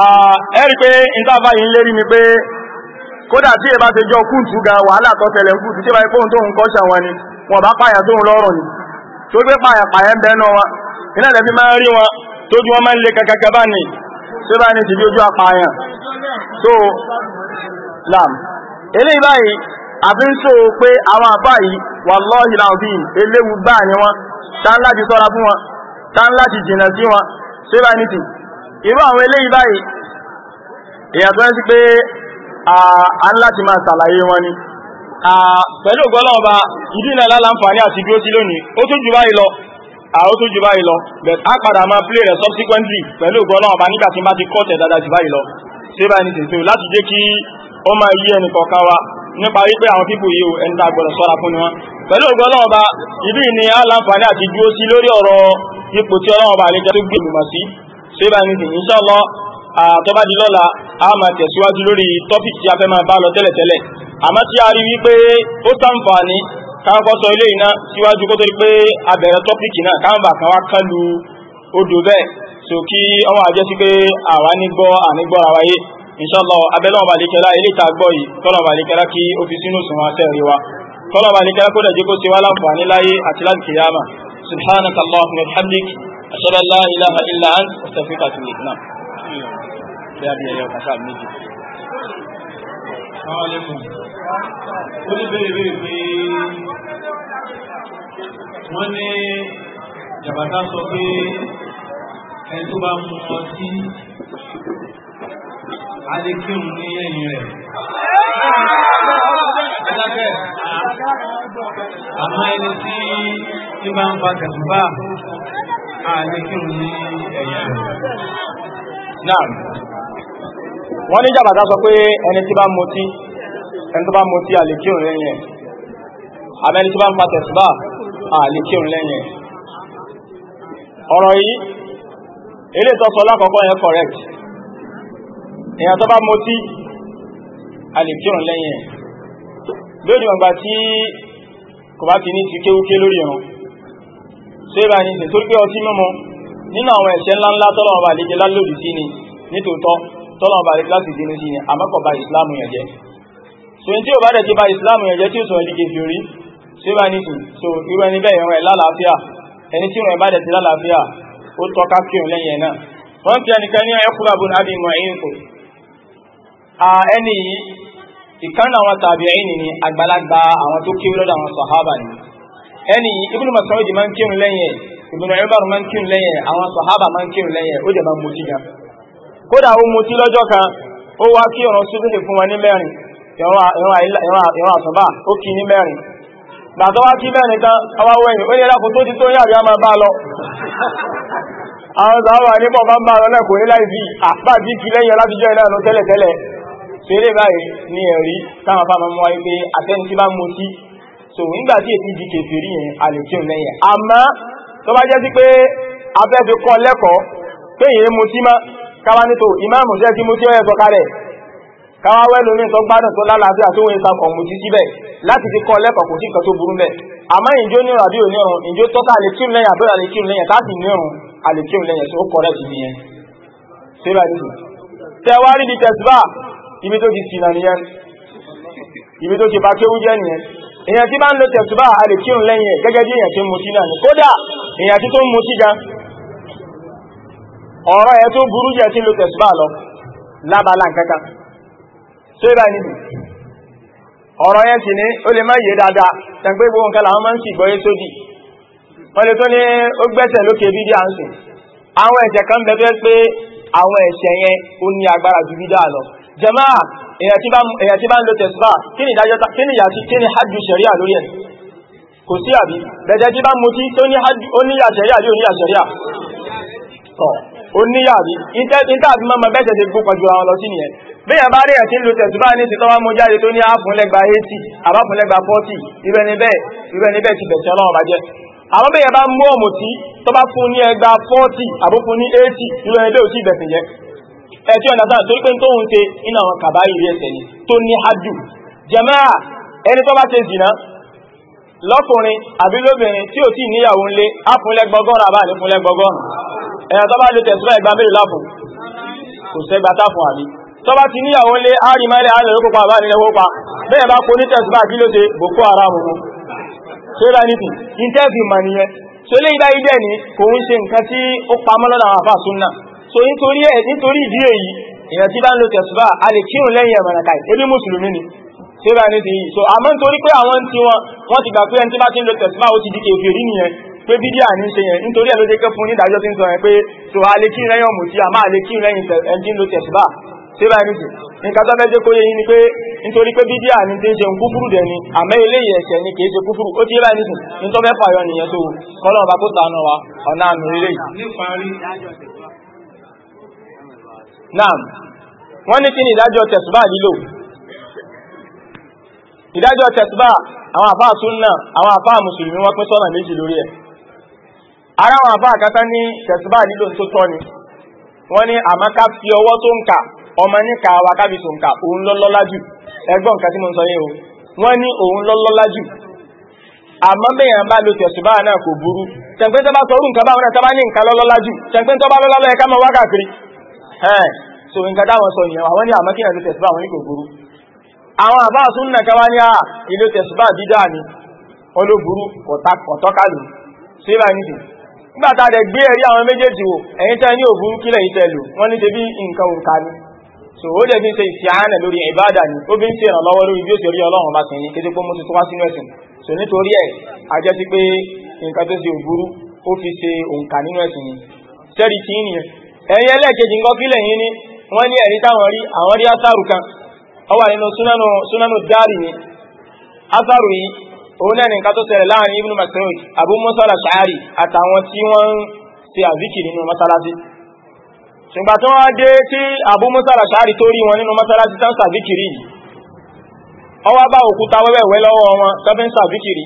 Ah, ẹ̀rí pé ìtàfà yìí ń lérí mi pé kódà tí èbá ti jọ kúùtù ga wàhálà tó tẹ̀lẹ̀ ń kúùtù tí bá ipò tó ń kọ́ ṣàwọn ni wọ́n bá pààyà tó ń lọ́rùn ni tó gbé pààyà pààyà ń bẹ́ẹ̀ náà iná ìdẹ̀bí máa rí wọn tó ju wọn máa ń le kankan bá ní tó bá ní tìbí ojú apààyàn tó làm eléyìí báyìí àfi ń sọ pé àwọn àbá yìí wallahi làwọn eléwu irú àwọn eléyìí báyìí èyàn tó ń sí pé a ń láti máa ṣàlàyé wọn ni pẹ̀lú ògbọ́lọ́ọba ìdínà lálàǹfààní àti dúró sí lónìí ó tún jù báyìí lọ àwọn tó jù báyìí lọ but a padà máa play rẹ̀ subsequently pẹ̀lú ògbọ́lọ́ọba nígbà tí má ti kọ́ tẹ̀ dáadáa jù báyìí lọ ṣé báyìí ní tètè láti jẹ́ kí ó máa yí ẹnì kọ̀ọ̀kan wa nípa wípé àwọn pípò yìí ẹni tá a gbọ́dọ̀ sọ́ra fún ni wọ́n pẹ̀lú ògbọ́lọ́ọba ìdí ni a láǹfààní àti dúró sí lórí ọ̀rọ̀ ipò tí ọlọ́ọba àlejò tó gbé ìlú mà sí ṣé bá ní sìn insha Allah àtọ́bá di lọ́la a máa tẹ̀síwájú lórí tọ́pìkì tí a fẹ́ máa bá lọ tẹ́lẹ̀tẹ́lẹ̀ àmọ́ tí a rí wípé ó sàǹfààní káńkọ́ sọ ilé iná síwájú kó tó rí pé a bẹ̀rẹ̀ tọ́pìkì náà káńbà kan wá kán lu odò bẹ́ẹ̀ so kí ọmọ àjẹ́ sí pé àwa ní gbọ́ àní gbọ́ ara wáyé insha Allah abẹ́lẹ́ ọba àlekẹ́lá ilé ìta gbọ́ yìí kọ́lọ̀ ọba kí ó fi sínú sùn wọn sẹ́ẹ̀rí wa kọ́lọ̀ ọba kó dẹ̀ jẹ́ kó ṣe wá láǹfààní láyé àti láti kìyàmà subhanaka wa bihamdik أشهد أن لا إله إلا أنت أستغفرك وأتوب إليك نعم يا أبي يا كسام نيجي السلام عليكم قولي بيري بيري بيري wọ́n ní jàbátá sọ pé ẹni tó bá mú ọtí alékírun ní ẹ̀yìn rẹ̀. Adájẹ́ àmọ́ ẹni tí ń bá ń fa kẹ̀sùbá àlékírun ní ẹ̀yìn náà wọ́n ní jàbàtà sọ pé ẹni tí bá mutí ẹni tó bá mutí àlékírun lẹ́yìn àbẹ́ni tó bá ń pa tẹ̀síbà àlékírun lẹ́yìn ọ̀rọ̀ yìí ilé ìtọ́sọ lákọ̀ọ́kọ́ yẹn correct èyàn tó bá mutí àlékírun lẹ́yìn ṣé bá ní nítorí pé ọtí mímu nínú àwọn ẹ̀ṣẹ̀ ńláńlá tọ́lọ̀ ọba àlejò lálòdì sí ni nítòótọ́ tọ́lọ̀ ọba àlejò láti dínú sí ni àmọ́kọ̀ ba ìsìláàmù yẹn jẹ́ so ní tí ò bá dẹ̀ ti ba ìsìláàmù yẹn jẹ́ tí ó sọ ẹni kejì orí ṣé bá ní so irú ẹni bẹ́ẹ̀ ìran ẹ̀ lálàáfíà ẹni tí ìran ẹ̀ bá dẹ̀ ti lálàáfíà ó tọ́ka kírun lẹ́yìn ẹ̀ náà wọ́n ti ẹnìkan ní ẹkùnrin àbúrò àbí ìmọ̀ ẹ̀yìn kò ẹni ẹni Ibn Mas'ud máa ń kírun lẹ́yìn Ibn Umar máa ń kírun ma àwọn sàhábà máa ń kírun lẹ́yìn ó dẹ̀ máa mutí gan kódà ó mutí lọ́jọ́ kan ó wá kí ọ̀rọ̀ súnmí fún wa ní mẹ́rin ìran àsọ̀bá ó kí ní mẹ́rin gbàtọ́ wá kí tán ó tó ti tó ní bá lọ àwọn ní lọ náà kò ní àpá bí kí ṣeré báyìí ní táwọn pé so nígbà tí èsì di kèfèrí yẹn a lè kírun lẹ́yìn àmọ́ tó bá jẹ́ sí pé abẹ́fi kọ́ lẹ́kọ̀ọ́ pé èyí mu tí má káwá nítò ìmáàmù jẹ́ tí mú tí ó yẹ sọ̀kalẹ̀ káwá wẹ́lú ní sọ gbádùn tó lálàáfíà tó wọ́n ìsàkọ̀ mú tí síbẹ̀ láti fi kọ́ lẹ́kọ̀ọ́ kò sí nǹkan tó burú bẹ́ẹ̀ àmọ́ ìjó ní ràbí òní ọ̀run ìjó tọ́ka àlekírun lẹ́yìn àbúrò àlekírun lẹ́yìn táàtì ní ọ̀run àlekírun lẹ́yìn tó kọ́ rẹ̀ sí nìyẹn síra nìyí tẹwárí di tẹsíbà ibi tó ti sinà nìyẹn ibi tó ti bá kéwú jẹ́ nìyẹn èyàn tí bá ń lo tẹ̀sùbá àlè kí òun lẹ́yìn ẹ̀ gẹ́gẹ́ bí èyàn tí ń mutí náà ni kódà èyàn tí tó ń mutí gan ọ̀rọ̀ ẹ̀ tó burú jẹ́ tí ń lo tẹ̀sùbá lọ lábàlá nǹkankan tó ibà níbi ọ̀rọ̀ yẹn sì ní ó lè má yé dáadáa tẹ̀gbé gbogbo nǹkan làwọn máa ń sì gbọ́yé sódì wọ́n lè tó ní ó gbẹ́sẹ̀ lókè bídí à ń sìn àwọn ẹ̀ṣẹ̀ kan bẹ́ẹ̀ pé àwọn ẹ̀ṣẹ̀ yẹn ó ní agbára ju bídá lọ jàmáà èyàn tí bá ń lo tẹ̀síbà kí ni ìdájọ́ kí ni yàtí kí ni hajjú ṣẹ̀ríà lórí ẹ̀ kò sí àbí bẹ̀jẹ̀ tí bá mú tí tó níyà ṣẹ̀ríà lórí oníyà ṣẹ̀ríà tọ̀ oníyà àbí ìtẹ́ àbí mọ́mọ́ bẹ́ẹ̀ tẹ̀sí gbó pọ̀jù àwọn lọ sí nìyẹn bí yẹn bá rí ẹ̀ tí ń lo tẹ̀síbà ní ti tọ́wá mú jáde tó ní àfúnlẹ́gba 80 àbáfúnlẹ́gba 40 ibẹ̀ ni bẹ́ẹ̀ ti bẹ̀tẹ̀ ọlọ́run bá jẹ́ fún ní ẹgbà 40 àbúfún ní 80 irú ẹgbẹ́ òsì ìbẹ̀sìn jẹ́ ẹtí ọ̀nà sáà torí pé tó ń ṣe iná àwọn kàbáyé rí ẹsẹ̀ ni tó ní hajù jàmáà ẹni tó bá ṣe zìnà lọ́kùnrin àbí lóbìnrin tí ò tí níyàwó ńlé áfúnlẹ́gbọ́gọ́rùn àbáàlẹ́ fúnlẹ́gbọ́gọ́rùn ẹ̀yà tó bá lè tẹ̀sùrọ̀ ẹgbà mẹ́rin láfún kò sẹ́gbà táfún àbí tó bá ti níyàwó ńlé áàrìmẹ́rẹ́ àlẹ́lẹ́kópa àbáàlẹ́lẹ́kópa bẹ́ẹ̀ bá kó ní tẹ̀sùrọ̀ àbí ló ṣe boko haram mú ṣẹ́ra lè dá ilé ní kò ń so nítorí ẹ̀ nítorí ìdí èyí èyàn tí bá ń lo tẹ̀sùbá a lè kírun lẹ́yìn ẹ̀mọ̀ràkàì ebi mùsùlùmí ni tí bá ní ti yìí so àmọ́ nítorí pé àwọn tí wọn wọ́n ti gbà pé ẹni tí bá ti ń lo tẹ̀sùbá ó ti di kèfèrí nìyẹn pé bídí à ní ṣe yẹn nítorí ẹ̀ kẹ́ fún nídàájọ́ tí ń sọ yẹn pé so a lè kírun lẹ́yìn ọmọ tí a máa lè kírun lẹ́yìn ẹni tí ń lo tẹ̀sùbá tí bá ní ti nǹkan tó fẹ́ jẹ́ kó yé yín ni pé nítorí pé bídí à ní ń ṣe kúfúrú dẹ̀ ni àmẹ́ eléyìí ẹ̀ṣẹ̀ ni kìí ṣe kúfúrú ó ti yé bá ní sùn ní tó nìyẹn tó kọ́lọ́ ọba kó tà wa ọ̀nà àmì eléyìí. naam wọ́n ní kí ni ìdájọ́ tẹ̀sùbá lílò ìdájọ́ tẹ̀sùbá àwọn àfáà súnnà àwọn àfáà mùsùlùmí wọ́n pín sọ́nà méjì lórí ẹ ara àwọn àfáà kátá ní tẹ̀sùbá lílò tó ni wọn ní àmọ́ fi ọwọ́ tó ń ọmọ níka wa kábi tó ń kà òun jù nǹkan tí o Wọn ní òun jù bá lo náà kò burú bá nǹkan báwọn náà bá ní nǹkan jù ẹ̀ so nǹkan táwọn sọ tẹ̀síbà wọn ní àwọn ah, ní dídá ni ọ̀tọ́kàlù nígbà tá a dẹ̀ gbé ẹ̀rí àwọn méjèèjì wò ẹ̀yin tẹ́ ní òburú kílẹ̀ yìí tẹ́lù wọ́n ní ṣe bí nǹkan òǹkà ni so ó dẹ̀ fi ṣe ìṣàánà lórí ìbáàdà ni ó bí ń ṣe ìrànlọ́wọ́ lórí bí ó ṣe rí ọlọ́run bá sìn ní kété so nítorí ẹ̀ a jẹ́ sí pé nǹkan ni ẹ̀yìn ẹlẹ́ẹ̀kejì ń gọ́kílẹ̀ yìí ni wọ́n ní ẹ̀rí táwọn rí àwọn rí asáàrù kan ó nínú súnánù dárì ni asáàrù yìí òun náà nìkan tó ṣẹlẹ̀ láàrin ibn Mas'ud Abu Musa al-Ash'ari àtàwọn tí wọ́n ń ṣe àzíkì nínú mọ́sálásí ṣùgbọ́n tí wọ́n dé tí Abu Musa al-Ash'ari tó rí wọn nínú mọ́sálásí tán ṣàzíkìrì yìí ó wá bá òkúta wẹ́wẹ́wẹ́ lọ́wọ́ wọn tọ́fẹ́ ń ṣàzíkìrì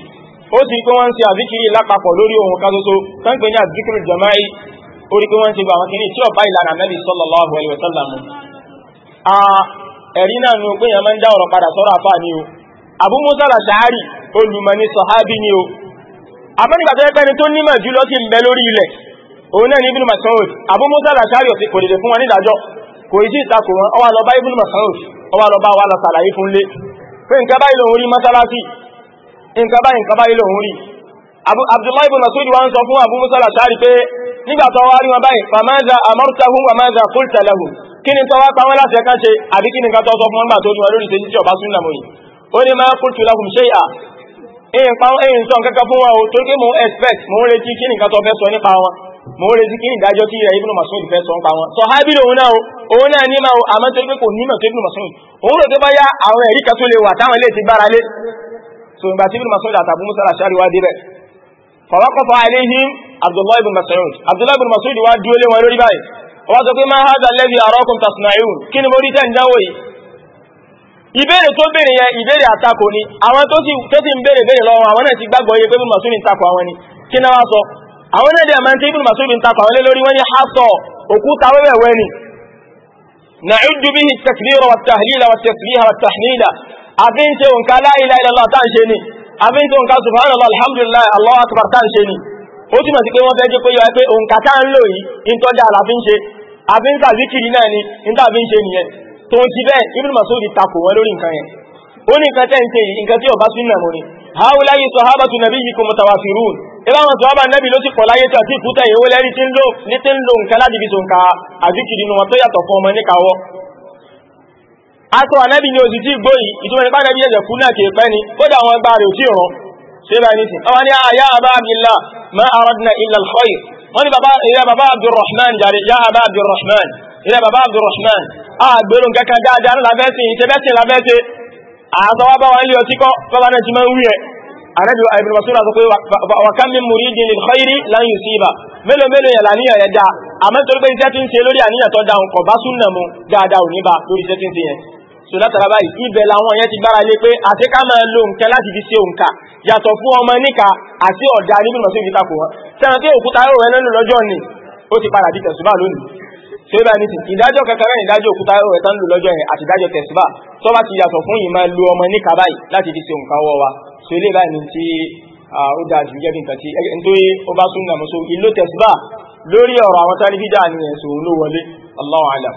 ó sì pé wọ́n ń ṣe àzíkìrì lápapọ̀ lórí ohun kan ṣoṣo tán pè ní àzíkìrì jama'i torí pé ti gba àwọn kìíní tí ọba ìlànà Nabi sallallahu alaihi wasallam a ẹ̀rí náà nù pé yẹn máa ń dá ọ̀rọ̀ padà sọ́rọ̀ àfáà ni o Abu Musa al olùmọ̀ni sọ̀hábì ni o abẹ́nigbà tó yẹ ni tó nímọ̀ jù lọ sí ń bẹ lórí ilẹ̀ òun náà ní Ibn Abu Musa al-Ash'ari ọ̀sẹ̀ kò dìde fún wọn nídàjọ́ kò ì sí ìtakò wọn nígbà tó wá rí wọn báyìí fàmáza amọ́rútahún wàmáza kúltàlẹ́hùn kí ni tó wá pa wọ́n láti ẹ̀ká ṣe àbí kí ni ká tọ́ sọ fún wọn gbà tó ní wọn lórí ṣe jíjẹ́ ọba súnà mọ́yìn ó ní máa kúltù lahùn ṣe à ẹ̀yìn pa ẹ̀yìn sọ kankan fún wọn o torí pé mò expect mo ń retí kí ni ká tọ́ fẹ́ sọ nípa wọn mò ń retí kí ni ìdájọ́ tí ibn Mas'ud fẹ́ sọ nípa wọn sọ hábìlì òun náà o òun náà ní máa àmọ́ torí pé kò ní mọ̀ tó ibn Mas'ud òun rò tó bá yá àwọn ẹ̀rí kan tó lè wà táwọn ilé ti gbára lé so ìgbà tí ibn Mas'ud àtàbùmúsà àṣàríwá débẹ̀ fọwọ́kọ̀fọ́ àìlẹ́yìn abdullahi ibn mas'ud abdullahi ibn mas'ud wá dúró lé wọn lórí báyìí wọ́n sọ pé máa hádà lẹ́bí àrọ́kùn tasna'un kí ni mo rí tẹ́ ìdánwò yìí ìbéèrè tó béèrè yẹn ìbéèrè àtakò ni àwọn tó ti ń béèrè béèrè lọ́wọ́ àwọn náà ti gbàgbọ́ iye pé ibn mas'ud ń takò àwọn ni kí náà wá sọ àwọn náà dẹ̀ máa ń tẹ́ ibn mas'ud ń takò àwọn lórí wọ́n ní hásọ̀ òkúta wẹ́wẹ̀wẹ́ ni نعد به التكبير والتهليل والتسبيح والتحميل أبنت أنك لا إله إلا الله تنشني أبنت أنك سبحان الله الحمد لله الله أكبر تنشني ó túmọ̀ sí pé wọ́n fẹ́ jẹ́ pé yọ pé òǹkà tá ń lò yìí tọ́jà àlàfin ṣe àfi ń náà ni ń tàbí ń ṣe nìyẹn tó ń ti bẹ́ẹ̀ Ibn Mas'ud takò wọn lórí nǹkan yẹn ó ní nǹkan tẹ́ yìí nǹkan tí ọba súnà mọ́ ni haulayi sahabatu nabiyyikum mutawafirun ila wọn sahaba nabi ló ti pọ̀ láyé tí àti ìkúta ìwé lẹ́rí tí ń lò ní tí ń lò nǹkan láti fi sòǹkà àzíkìrì nu wọn tó yàtọ̀ fún ọmọ ní kàwọ́ aṣọ ànábì ni tí gbóyìí ìtumọ̀ nípa ànábì yẹ̀jẹ̀ fún tí ì rán síbà ní ti ah, àwọn ní àyà àbá abdullah ma aradna illa al-khayr wọ́n ní bàbá ilẹ̀ bàbá abdulrahman jàre yá àbá abdulrahman ilẹ̀ bàbá abdulrahman àgbèrò kankan dáadáa lábẹ́sìn ìṣẹ́bẹ́sìn lábẹ́sìn àtọwọ́ bá wọn lé ọtí kọ́ tọ́lá náà ti máa ń wí ẹ̀ àrẹ́bí ibn Mas'ud sọ pé wàkán min muridin lil khayri lan yusiba mélòó mélòó yẹn làníyàn yẹn dáa àmọ́ torí pé iṣẹ́ ti ń ṣe lórí àníyàn tó dáhùn kọ̀ bá súnnà mu dáadáa ò bá lórí iṣẹ́ ti ń ṣe yẹn so látara báyìí ibẹ̀ làwọn yẹn ti gbára lé pé àti ká máa lo nǹkan láti fi ṣe òǹkà yàtọ̀ fún ọmọ níka àti ọ̀dà níbi ìmọ̀ sí ibi takò wọn sẹ́wọ̀n pé òkúta yóò rẹ lẹ́nu lọ́jọ́ ni ó ti padà di tẹ̀sùbà lónìí ṣé bá ní sìn ìdájọ́ kankan ìdájọ́ òkúta yóò rẹ tán lò lọ́jọ́ yẹn àti ìdájọ́ tẹ̀sùbà tó bá ti yàtọ̀ fún ìmọ̀ lo ọmọ níka báyìí láti fi ṣe òǹkà wọ́ wa so ilé báyìí ní ti ó dáa jù jẹ́bi nǹkan tí nítorí ó bá súnmọ́ so ìlú tẹ̀sùbà lórí ọ̀rọ̀ àwọn tálífídà ni ẹ̀sùn ló wọlé Allahu a'lam